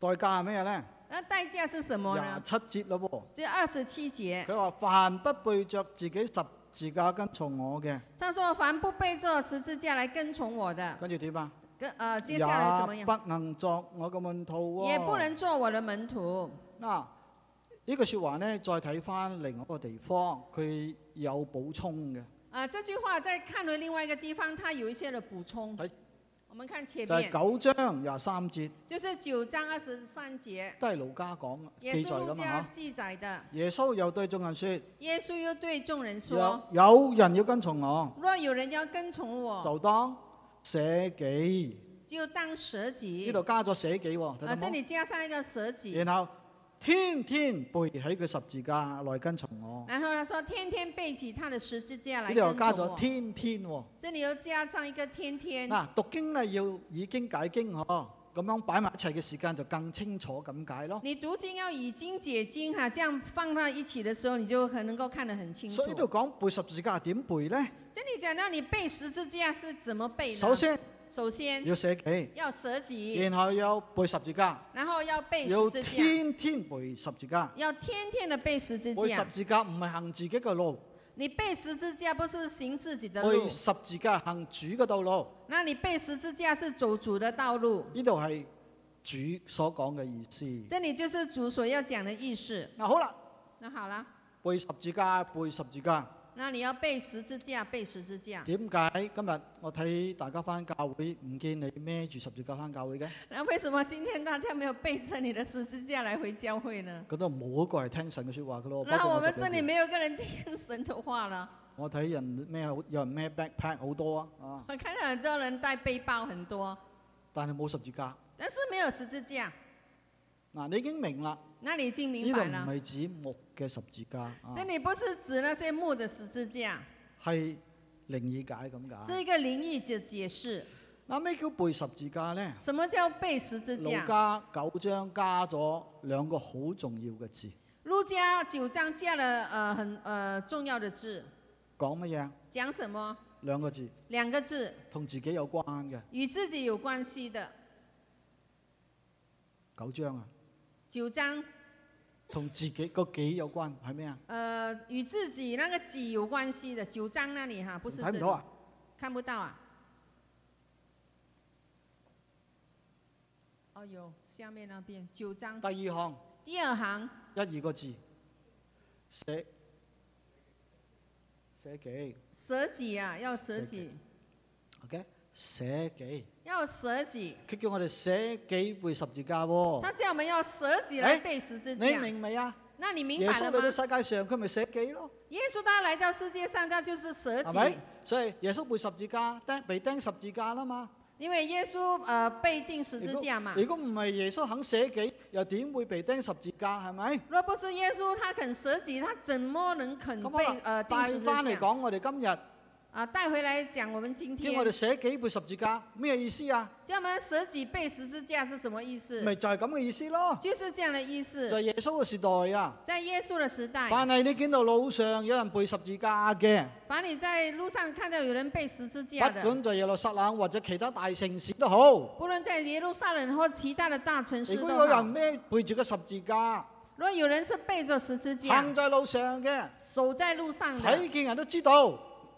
代價係咩嘢咧？那代價是什麼呢？廿七節咯，即係二十七節。佢話凡不背着自己十字架跟從我嘅，他說凡不背着十字架來跟從我嘅，跟住點啊？跟，呃，接下來怎麼樣？也不能作我嘅門徒喎、哦。也不能做我嘅門徒。嗱、啊，句呢句說話咧，再睇翻另外一個地方，佢有補充嘅。啊，這句話再看去另外一個地方，它有一些嘅補充。我們看前面就係、是、九章廿三節，就是九章二十三節，都係路加講，耶穌記載噶記載耶穌又對眾人說，耶穌又對眾人說有，有人要跟從我，若有人要跟從我，就當捨己，就當捨己。呢度加咗捨己喎、哦，啊，這裏加上一個捨己，然後。天天背起佢十字架來跟從我、哦。然後呢，說天天背起他的十字架來跟從、哦、我。呢度又加咗天天喎、哦。這裡又加上一個天天。嗱、啊，讀經咧要以經解經嗬、哦，咁樣擺埋一齊嘅時間就更清楚咁解咯。你讀經要以經解經吓、啊，這樣放到一起嘅時候你就很能夠看得很清楚。所以度講背十字架點背咧？這裡講到你背十字架是怎麼背呢？首先。首先要捨己，然後要背十字架，然後要背十字架，天天背十字架，要天天的背十字架。背十字架唔係行自己嘅路，你背十字架不是行自己的路，背十字架行主嘅道路。那你背十字架是走主嘅道路？呢度係主所講嘅意思。這裏就是主所要講嘅意思。那好啦，那好啦，背十字架，背十字架。那你要背十字架，背十字架。點解今日我睇大家返教會唔見你孭住十字架返教會嘅？那為什麼今天大家沒有背着你的十字架來回教會呢？嗰度冇一個係聽神嘅說話嘅咯。那我們這裏沒有一個人聽神的話啦。我睇人孭好，有人孭 backpack 好多啊。我看到很多人帶背包很多，但係冇十字架。但是沒有十字架。嗱，你已經明啦。那你已經明白啦。係指木嘅十字架，即你不是指那些木的十字架，係靈意解咁解。呢個靈意解解釋，嗱咩叫背十字架咧？什麼叫背十字架？路加九章加咗兩個好重要嘅字。路加九章加了，誒、呃，很誒、呃，重要的字。講乜嘢？講什麼？兩個字。兩個字。同自己有關嘅。與自己有關係的。九章啊。九章。同自己個己有關係咩啊？呃，與自己那個己有關係的，九章那裏哈，不是睇唔到啊，看不到啊。哦，有下面那邊九章。第二行。第二行。一、二個字。捨。捨己。捨己啊，要捨己。捨己，要捨己，佢叫我哋捨己背十字架喎。他叫我們，哦、叫我們要捨己來背十字架，欸、你明未啊？那你明白了嗎？耶穌來到世界上，佢咪捨己咯？耶穌他來到世界上，佢就是捨己是是，所以耶穌背十字架，釘被釘十字架啦嘛。因為耶穌誒、呃、背釘十字架嘛。如果唔係耶穌肯捨己，又點會被釘十字架？係咪？若不是耶穌，他肯捨己，他怎麼能肯背誒釘、呃、十字架？帶翻嚟講，我哋今日。啊，帶回來講，我們今天叫我哋寫幾背十字架，咩意思啊？叫我哋寫幾背十字架是什麼意思？咪就係咁嘅意思咯。就是這樣的意思。在、就是、耶穌嘅時代啊。在耶穌嘅時代。但係你見到路上有人背十字架嘅？凡你在路上看到有人背十字架。不管在耶路撒冷或者其他大城市都好。無論在耶路撒冷或者其他大城市都有人咩背住個十字架？如果有人是背着十字架行在路上嘅？走在路上。睇見人都知道。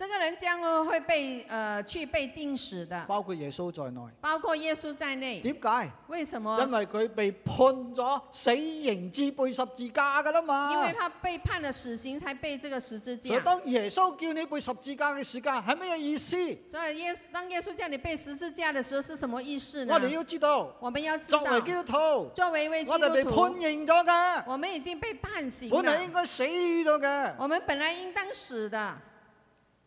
這個人將會被，誒、呃，去被釘死的。包括耶穌在內。包括耶穌在內。點解？為什麼？因為佢被判咗死刑，至背十字架噶啦嘛。因為他被判了死刑，才背這個十字架。當耶穌叫你背十字架嘅時間，係咩意思？所以耶穌當耶穌叫你背十字架的時候，是什麼意思呢？我哋要知道。我們要知道。作為基督徒，作為一位基督徒，我哋被判刑咗噶。我們已經被判刑。本來應該死咗噶。我們本來應當死的。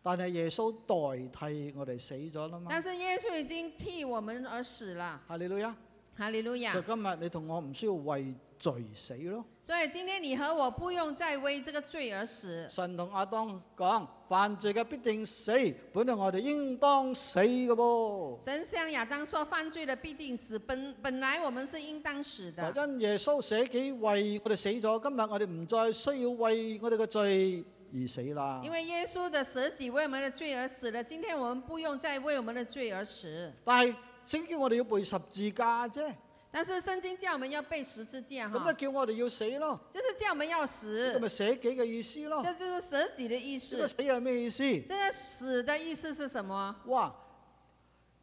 但係耶穌代替我哋死咗啦嘛。但是耶穌已經替我們而死了。哈利路亞！哈利路亞！所以今日你同我唔需要為罪死咯。所以今天你和我不用再為這個罪而死。神同亞當講，犯罪嘅必定死，本嚟我哋應當死嘅噃。神向亞當說，犯罪嘅必定死，本本來我們是應當死的。因耶穌捨己為我哋死咗，今日我哋唔再需要為我哋嘅罪。而死啦！因為耶穌的捨己為我們的罪而死了。今天我們不用再為我們的罪而死。但係聖經叫我哋要背十字架啫。但是聖經叫我們要背十字架，咁咪叫我哋要死咯？就是叫我們要死。咁咪捨己嘅意思咯？這就是捨己的意思。死係咩意思？這個死的意思是什麼？哇，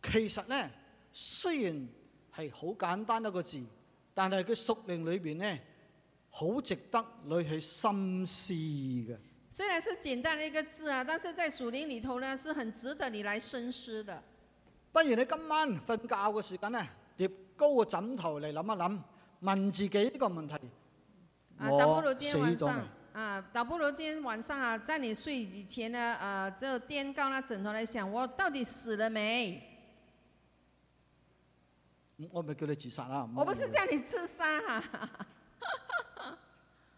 其實咧，雖然係好簡單一個字，但係佢熟令裏邊咧，好值得你去深思嘅。雖然是簡單的一個字啊，但是在樹林裏頭呢，是很值得你來深思的。不如你今晚瞓覺嘅時間呢，墊高個枕頭嚟諗一諗，問自己呢個問題：我死咗未？啊，倒不如今晚上，啊，倒不如今天晚上啊，倒不如今晚上啊，在你睡以前呢，啊、呃，就墊高那枕頭嚟想，我到底死了沒？我咪叫你自殺啦！我不是叫你自殺吓、啊，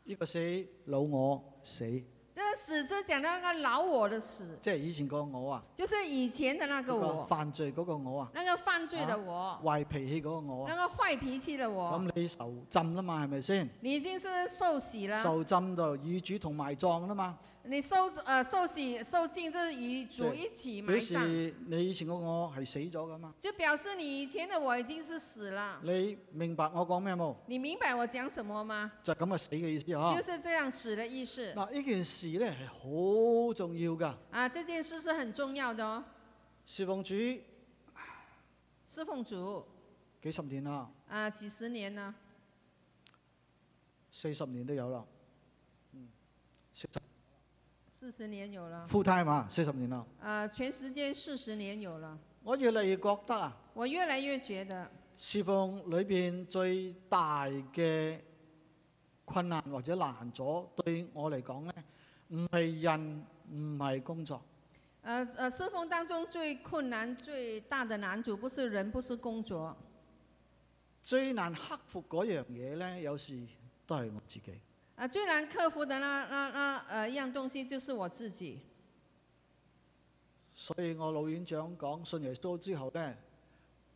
呢 [laughs] 個死老我死。即係死字講到那個老我的死，即係以前個我啊，就是以前的那個我，那個、犯罪嗰個我啊，那個犯罪的我，壞脾氣嗰個我，那個壞脾氣的我，咁你受浸啦嘛，係咪先？你已經是受洗啦，受浸就與主同埋葬啦嘛。.你受呃受洗，受浸，受就是與主一起埋葬。你以前個我係死咗噶嘛？就表示你以前嘅我已經是死啦。你明白我講咩冇？你明白我講什麼嗎？就咁啊死嘅意思吓，就是這樣死嘅意思。嗱呢件事咧係好重要噶。啊，這件事是很重要的。侍、啊、奉主，侍奉主。幾十年啦。啊，幾十年啦、啊。四十年都有啦。四十年有啦，full time 嘛？四十年咯。誒，全時間四十年有啦。我越嚟越覺得啊。我越嚟越覺得。侍奉裏邊最大嘅困難或者難咗，對我嚟講咧，唔係人，唔係工作。誒、呃、誒，侍奉當中最困難、最大的難處，不是人，不是工作。最難克服嗰樣嘢咧，有時都係我自己。啊！最難克服的那那那，呃，一樣東西就是我自己。所以我老院長講，信耶穌之後咧，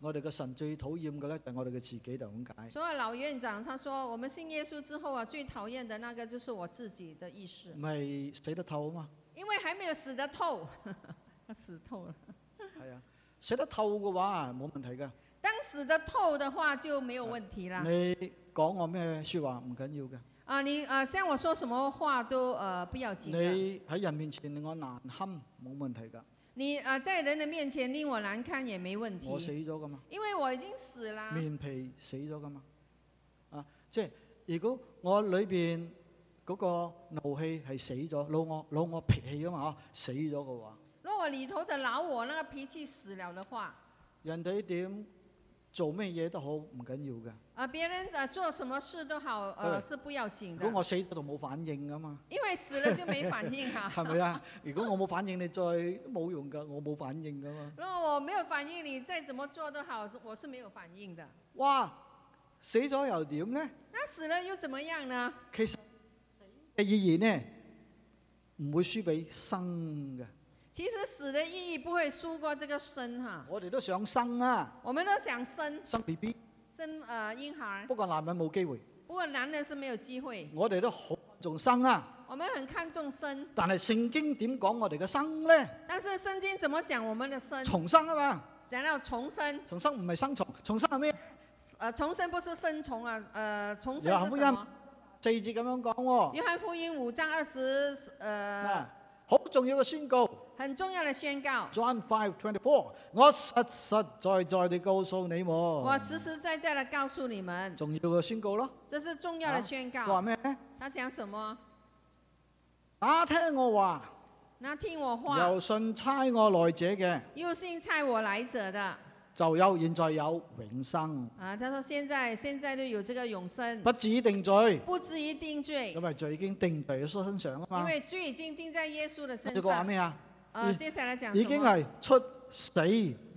我哋嘅神最討厭嘅咧，就係我哋嘅自己，就咁解。所以老院長他說，我們信耶穌之後啊，最討厭的那個就是我自己的意思。唔係死得透啊嘛？因為還沒有死得透， [laughs] 死透啦了。係 [laughs] 啊，死得透嘅話冇問題噶。當死得透嘅話就沒有問題啦。啊。你講我咩說話唔緊要嘅。啊，你啊，像、呃、我說什麼話都，呃，不要緊。你喺人面前令我難堪，冇問題噶。你啊、呃，在人的面前令我難堪也沒問題。我死咗噶嘛？因為我已經死啦。面皮死咗噶嘛？啊，即、就、係、是、如果我裏邊嗰個怒氣係死咗，老我老我脾氣啊嘛嗬，死咗嘅話。如果裏頭就老我那個脾氣死了嘅話，人哋點？做咩嘢都好唔緊要噶。啊，別人啊做什麼事都好，呃，是不要緊嘅。如果我死咗就冇反應噶嘛？因為死咗就沒反應哈。係 [laughs] 咪啊？如果我冇反應，你再冇 [laughs] 用噶，我冇反應噶嘛。如果我沒有反應你，你再怎麼做都好，我是沒有反應的。哇，死咗又點呢？那死了又怎麼樣呢？其實嘅意義呢，唔會輸俾生噶。其實死的意義不會輸過這個生哈。我哋都想生啊。我們都想生。生 B B。生，呃，嬰孩。不過男人冇機會。不過男人是沒有機會。我哋都好重生啊。我們很看重生。但係聖經點講我哋嘅生呢？但是聖經怎麼講我們嘅生？重生啊嘛。講到重生。重生唔係生蟲，重生係咩？呃，重生不是生蟲啊，呃，重生是什麼？細節咁樣講喎、哦。約翰福音五章二十，呃，好、啊、重要嘅宣告。很重要的宣告。John five twenty four，我實實在在地告訴你們。我實實在在地告訴你們。重要的宣告咯。這是重要的宣告。佢話咩？他講什麼？那聽我話。那聽我話。又信差我來者嘅。又信差我來者的。就有現在有永生。啊，他說現在現在都有這個永生。不至於定罪。不至於定罪。因為罪已經定在耶穌身上啊嘛。因為罪已經定在耶穌的身上。呢個啊、哦，接下來講已經係出死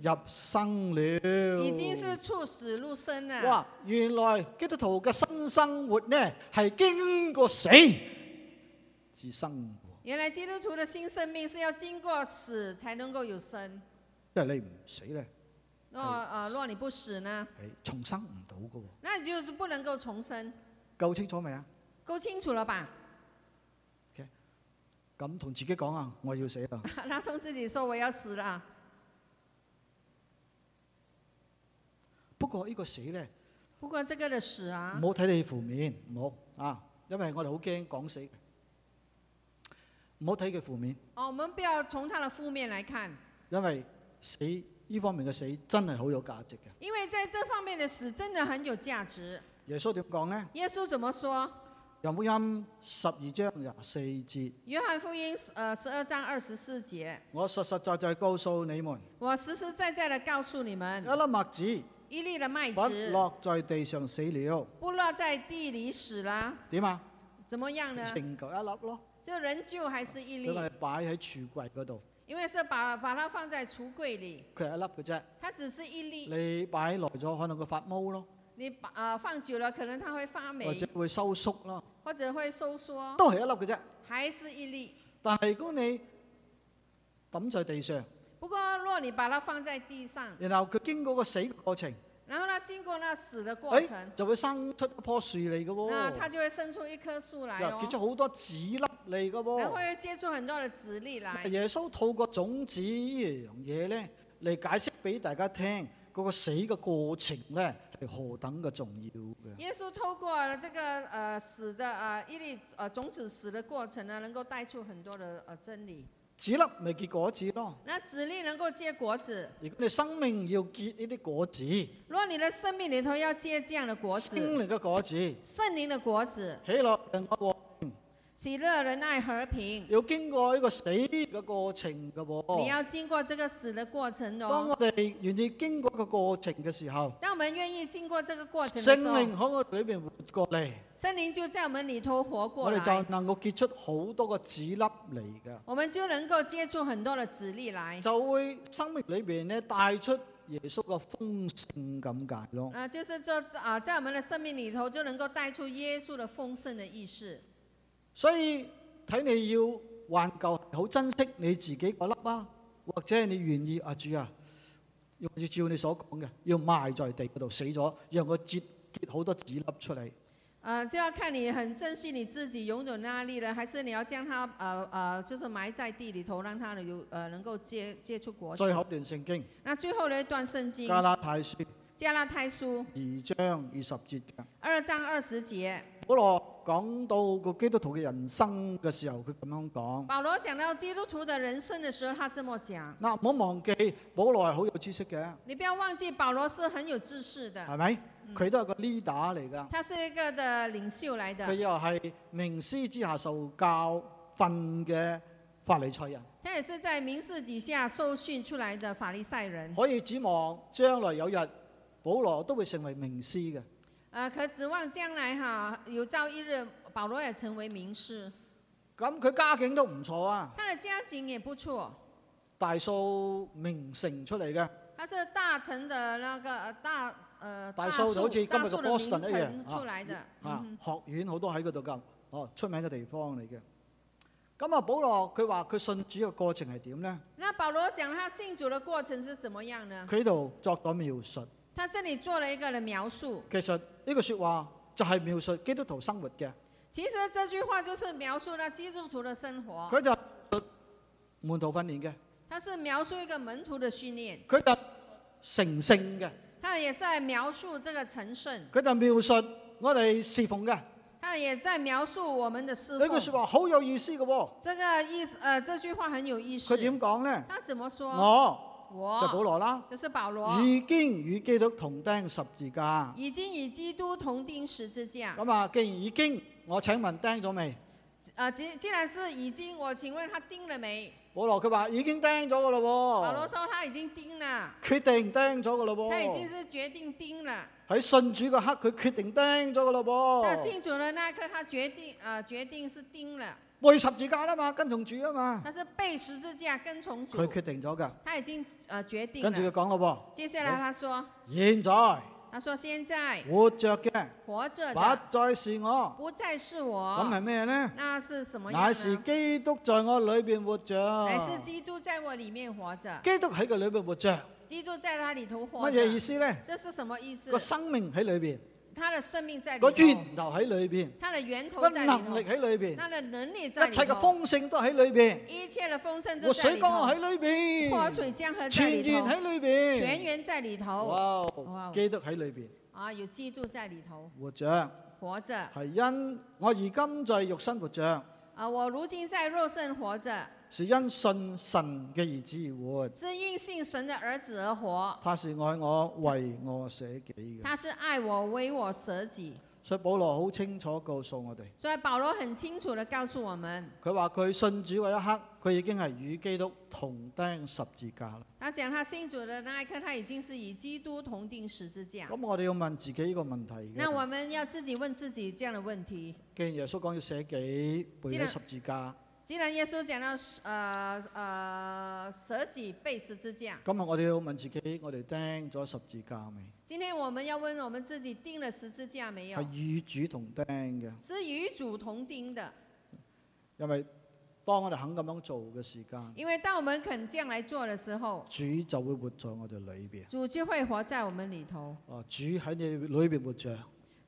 入生了，已經是出死入生啦。哇，原來基督徒嘅新生，生活呢，係經過死至生活。原來基督徒的新生命是要經過死才能夠有生。即係你唔死呢？哦，啊，若你不死呢？誒，重生唔到㗎。那就是不能夠重生。夠清楚未啊？夠清楚了吧？咁同自己講啊，我要死啦！他 [laughs] 同自己說，我要死了。不過呢個死咧，不過呢個的死啊，唔好睇你負面，唔好啊，因為我哋好驚講死，唔好睇佢負面。哦，我們不要從他嘅負面來看。因為死呢方面嘅死真係好有價值嘅。因為喺這方面嘅死真的很有價值。耶穌點講咧？耶穌怎麼說？有冇音十二章廿四節》，《約翰福音》呃十二章二十四節。我實實在在告訴你們。我實實在在的告訴你們。一粒麥子。一粒的麥子。不落在地上死了。不落在地裏死了。點啊？怎麼樣呢？仍舊一粒咯。就人就還是一粒。佢係擺喺櫥櫃嗰度。因為是把把它放在櫥櫃裏。佢係一粒嘅啫。它只是一粒。你擺落咗，可能佢發毛咯。你把啊放久了，可能它會發霉，或者會收縮咯，或者會收縮，都係一粒嘅啫，還是一粒。但係如果你抌在地上，不過若你把它放在地上，然後佢經過個死過程，然後呢經過那死嘅過程，哎，就會生出一棵樹嚟嘅喎，那它就會生出一棵樹來，結出好多籽粒嚟嘅喎，會接觸很多嘅籽粒，粒來。耶穌透過種子種呢樣嘢咧，嚟解釋俾大家聽嗰，那個死嘅過程咧。何等嘅重要嘅！耶穌透過呢、這個誒死、呃、的誒一粒誒種子死的過程呢，能夠帶出很多的誒、呃、真理。子粒咪結果子咯。那子粒能夠結果子？如果你生命要結呢啲果子，如果你嘅生命裏頭要結這樣的果子，聖靈嘅果子，聖靈嘅果子。喜樂、仁愛、和平，要經過一個死嘅過程嘅。你要經過這個死的過程咯。當我哋願意經過一個過程嘅時候，當我們願意經過這個過程，生命喺我裏邊活嚟，生命就在我們裏頭活過來，我哋就能夠結出好多個籽粒嚟嘅。我們就能夠結出很多的籽粒嚟，就會生命裏邊呢帶出耶穌嘅豐盛咁解咯。啊，就是說啊，在我們的生命裏頭就能夠帶出耶穌的豐盛的意思。所以睇你要挽救，好珍惜你自己個粒啊，或者你願意阿、啊、主啊，要照你所講嘅，要埋在地度死咗，讓個節結好多籽粒出嚟。啊、呃，就要看你很珍惜你自己擁有嘅阿力啦，還是你要將佢啊啊，就是埋在地裡頭，讓佢有呃能夠接結出果。最後一段聖經。那最後呢一段聖經。加拉加拉太書二章二十節嘅。二章二十節。保羅講到個基督徒嘅人生嘅時候，佢咁樣講。保羅講到基督徒嘅人生嘅時候，他這麼講。嗱，唔好忘記保羅係好有知識嘅。你不要忘記保羅是很有知識嘅，係咪？佢都係個 leader 嚟噶。他是一個嘅領袖嚟嘅。佢又係名師之下受教訓嘅法利賽人。他也是在名師底下受訓出來嘅法利賽人。可以指望將來有日。保羅都會成為名師嘅。啊，佢指望將來哈、啊，有朝一日保羅也成為名師。咁佢家境都唔錯啊。他嘅家境也不錯。大數名城出嚟嘅。他是大臣嘅。那個大，呃。大數好似今日嘅 Boston 一樣啊。學院好多喺嗰度㗎，哦、啊，出名嘅地方嚟嘅。咁啊，保羅佢話佢信主嘅過程係點咧？那保羅講他，他信主嘅過程是怎麼樣呢？佢度作咗描述。他這裏做了一個的描述，其實呢個說話就係描述基督徒生活嘅。其實這句話就是描述了基，基督徒的生活。佢就門徒訓練嘅。他是描述一個門徒的訓練。佢就成聖嘅。他也是在描述這個成聖。佢就描述我哋侍奉嘅。他也在描述我們的侍奉。呢句說話好有意思嘅喎。這個意思，呃，這句話很有意思。佢點講咧？他怎麼說？我。就保羅啦，就是，保羅已經與基督同釘十字架，已經與基督同釘十字架。咁啊，既然已經，我請問釘咗未？啊，既既然是已經，我請問他釘了未？保羅佢話已經釘咗㗎喇喎。保羅說他已經釘啦。決定釘咗㗎喇喎。他已經是決定釘啦。喺信主嘅刻，佢決定釘咗㗎喇喎。但信主嘅那一刻，他決定啊，呃，決定是釘啦。背十字架啊嘛，跟從主啊嘛。但是背十字架跟從主。佢決定咗㗎。他已經誒決定了。跟住佢講咯喎。接下來他說。現在。他說現在。活着嘅。活着。不再是我。不再是我。咁係咩咧？那是什麼意思？乃是基督在我裏邊活着。乃是基督在我裏面活着。基督喺佢裏邊活着。基督在他裏頭活。乜嘢意思咧？這是什麼意思？個生命喺裏邊。他的生命在裏頭，他的源頭喺裏邊，他的能力喺裏邊，他的能力一切嘅豐盛都喺裏邊，一切嘅豐盛都喺裏邊，水江喺裏邊，活水江河，泉源喺裏邊，泉源在裏頭，哇，基督喺裏邊，啊，有基督在裏頭，活着，活着，係因我而今在肉身活着，啊，我如今在肉身活着。是因信神嘅兒子而活，是因信神嘅兒子而活。他是愛我為我捨己嘅，他是愛我為我捨己。所以保羅好清楚告訴我哋，所以保羅很清楚地告訴我們，佢話佢信主嗰一刻，佢已經係與基督同釘十字架啦。他講他信主嘅那一刻，他已經是以基督同釘十字架。咁我哋要問自己呢個問題嘅，那我們要自己問自己這樣的問題。既然耶穌講要捨己背得十字架。既然耶穌講到，誒、呃、誒，捨己背十字架。今日我哋要問自己，我哋釘咗十字架未？今天我們要問我們自己，釘了十字架沒有？係與主同釘嘅。是與主同釘嘅。因為當我哋肯咁樣做嘅時間。因為當我哋肯這樣來做嘅時候。主就會活在我哋裏邊。主就會活在我們裏頭。哦、啊，主喺你裏邊活着。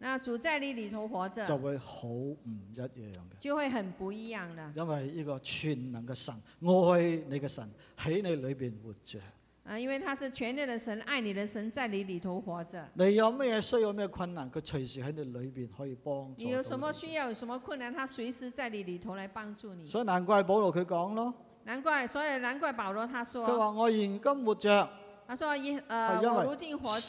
那主在你裏頭活着，就會好唔一樣嘅，就會很不一樣的。因為呢個全能嘅神愛你嘅神喺你裏邊活着，啊，因為他是全能的神，愛你的神在你裏頭活着。你有咩需要、咩困難，佢隨時喺你裏邊可以幫助你。你有什麼需要，有什麼困難，他隨時在你裏頭嚟幫助你。所以難怪保羅佢講咯，難怪所以難怪保羅他說，佢話我現今活着，他說：呃、因，我如今活着。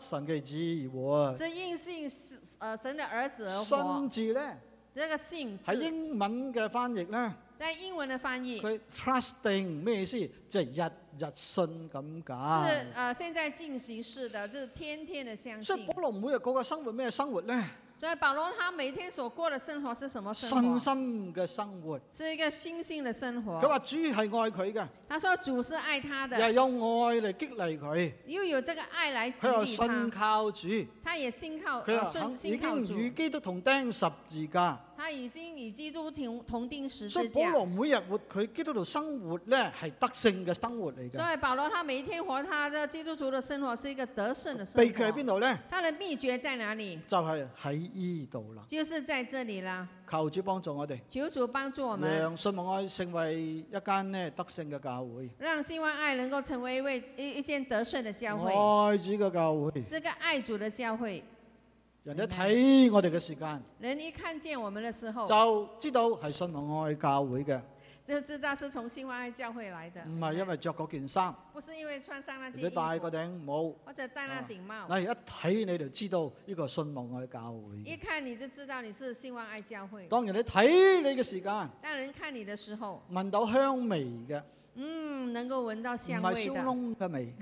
神嘅智慧。是應信，是，神的兒子而活。信字咧，呢、這個信。係英文嘅翻譯咧。係英文嘅翻譯。佢 trusting 咩意思？即、就、係、是、日日信咁解。是，呃，現在進行式的，就是天天嘅相信。保羅每日過嘅生活咩生活咧？所以保羅他每天所過的生活是什麼生活？信心嘅生活。是一個信心的生活。佢話主係愛佢嘅。他說主是愛他的。又用愛嚟激勵佢。要有這個愛來激勵他。他，他說信靠主。他也信靠。他已經與基督同釘十字架。他他已經與基督同同釘十字架，所以保羅每日活佢基督徒生活咧，係得勝嘅生活嚟嘅。所以保羅他每一天活，他的基督徒嘅生活是一個得勝嘅生活。秘訣喺邊度咧？他的秘訣在哪裡？就係喺呢度啦。就是在這裡啦。求主幫助我哋。求主幫助我哋。讓信望愛成為一間呢得勝嘅教會。讓信望愛能夠成為一位一一件得勝的教會。愛主嘅教會。係個愛主嘅教會。人一睇我哋嘅時間，人一看見我們嘅時候，就知道係信望愛教會嘅，就知道是從信望愛教會嚟嘅。唔係因為着嗰件衫，不是因為穿上那件衫啦，你戴個頂帽，或者戴那頂帽。係一睇你就知道呢個信望愛教會。一看你就知道你是信望愛教會。當人一睇你嘅時間，當人看你嘅時候，聞到香味嘅。嗯，能夠聞到香味的。唔係燒燶嘅味，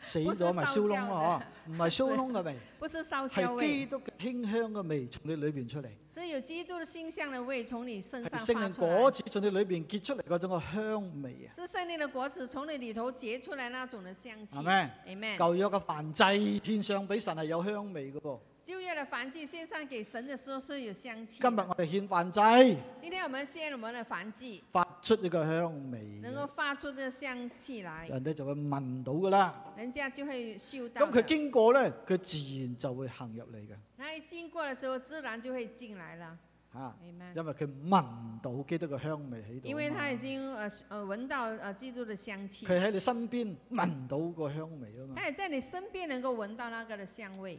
死咗咪燒燶咯？唔係燒燶嘅味，不是燒焦味。係基督馨香嘅味從你裏邊出嚟。是有基督馨香嘅味從你身上發出來。是聖靈果子從你裏邊結出嚟嗰種嘅香味啊！是聖靈嘅果子從你裏頭結出嚟，嗰種嘅香氣。阿門，阿門，舊約嘅燔祭獻上俾神係有香味嘅噃。就業的燔祭獻上給神的時候，是有香氣。今日我哋獻燔祭。今天我們獻我們，先我們的燔祭，發出一個香味，能夠發出這個香氣來，人哋就會聞到噶啦。人家就會嗅到。咁佢經過咧，佢自然就會行入嚟噶。喺經過嘅時候，自然就會進來了。啊，因為佢聞到基督嘅香味喺度。因為他已經誒誒聞到誒基督的香氣。佢喺你身邊聞到個香味啊嘛。佢係在你身邊能夠聞到那個的香味。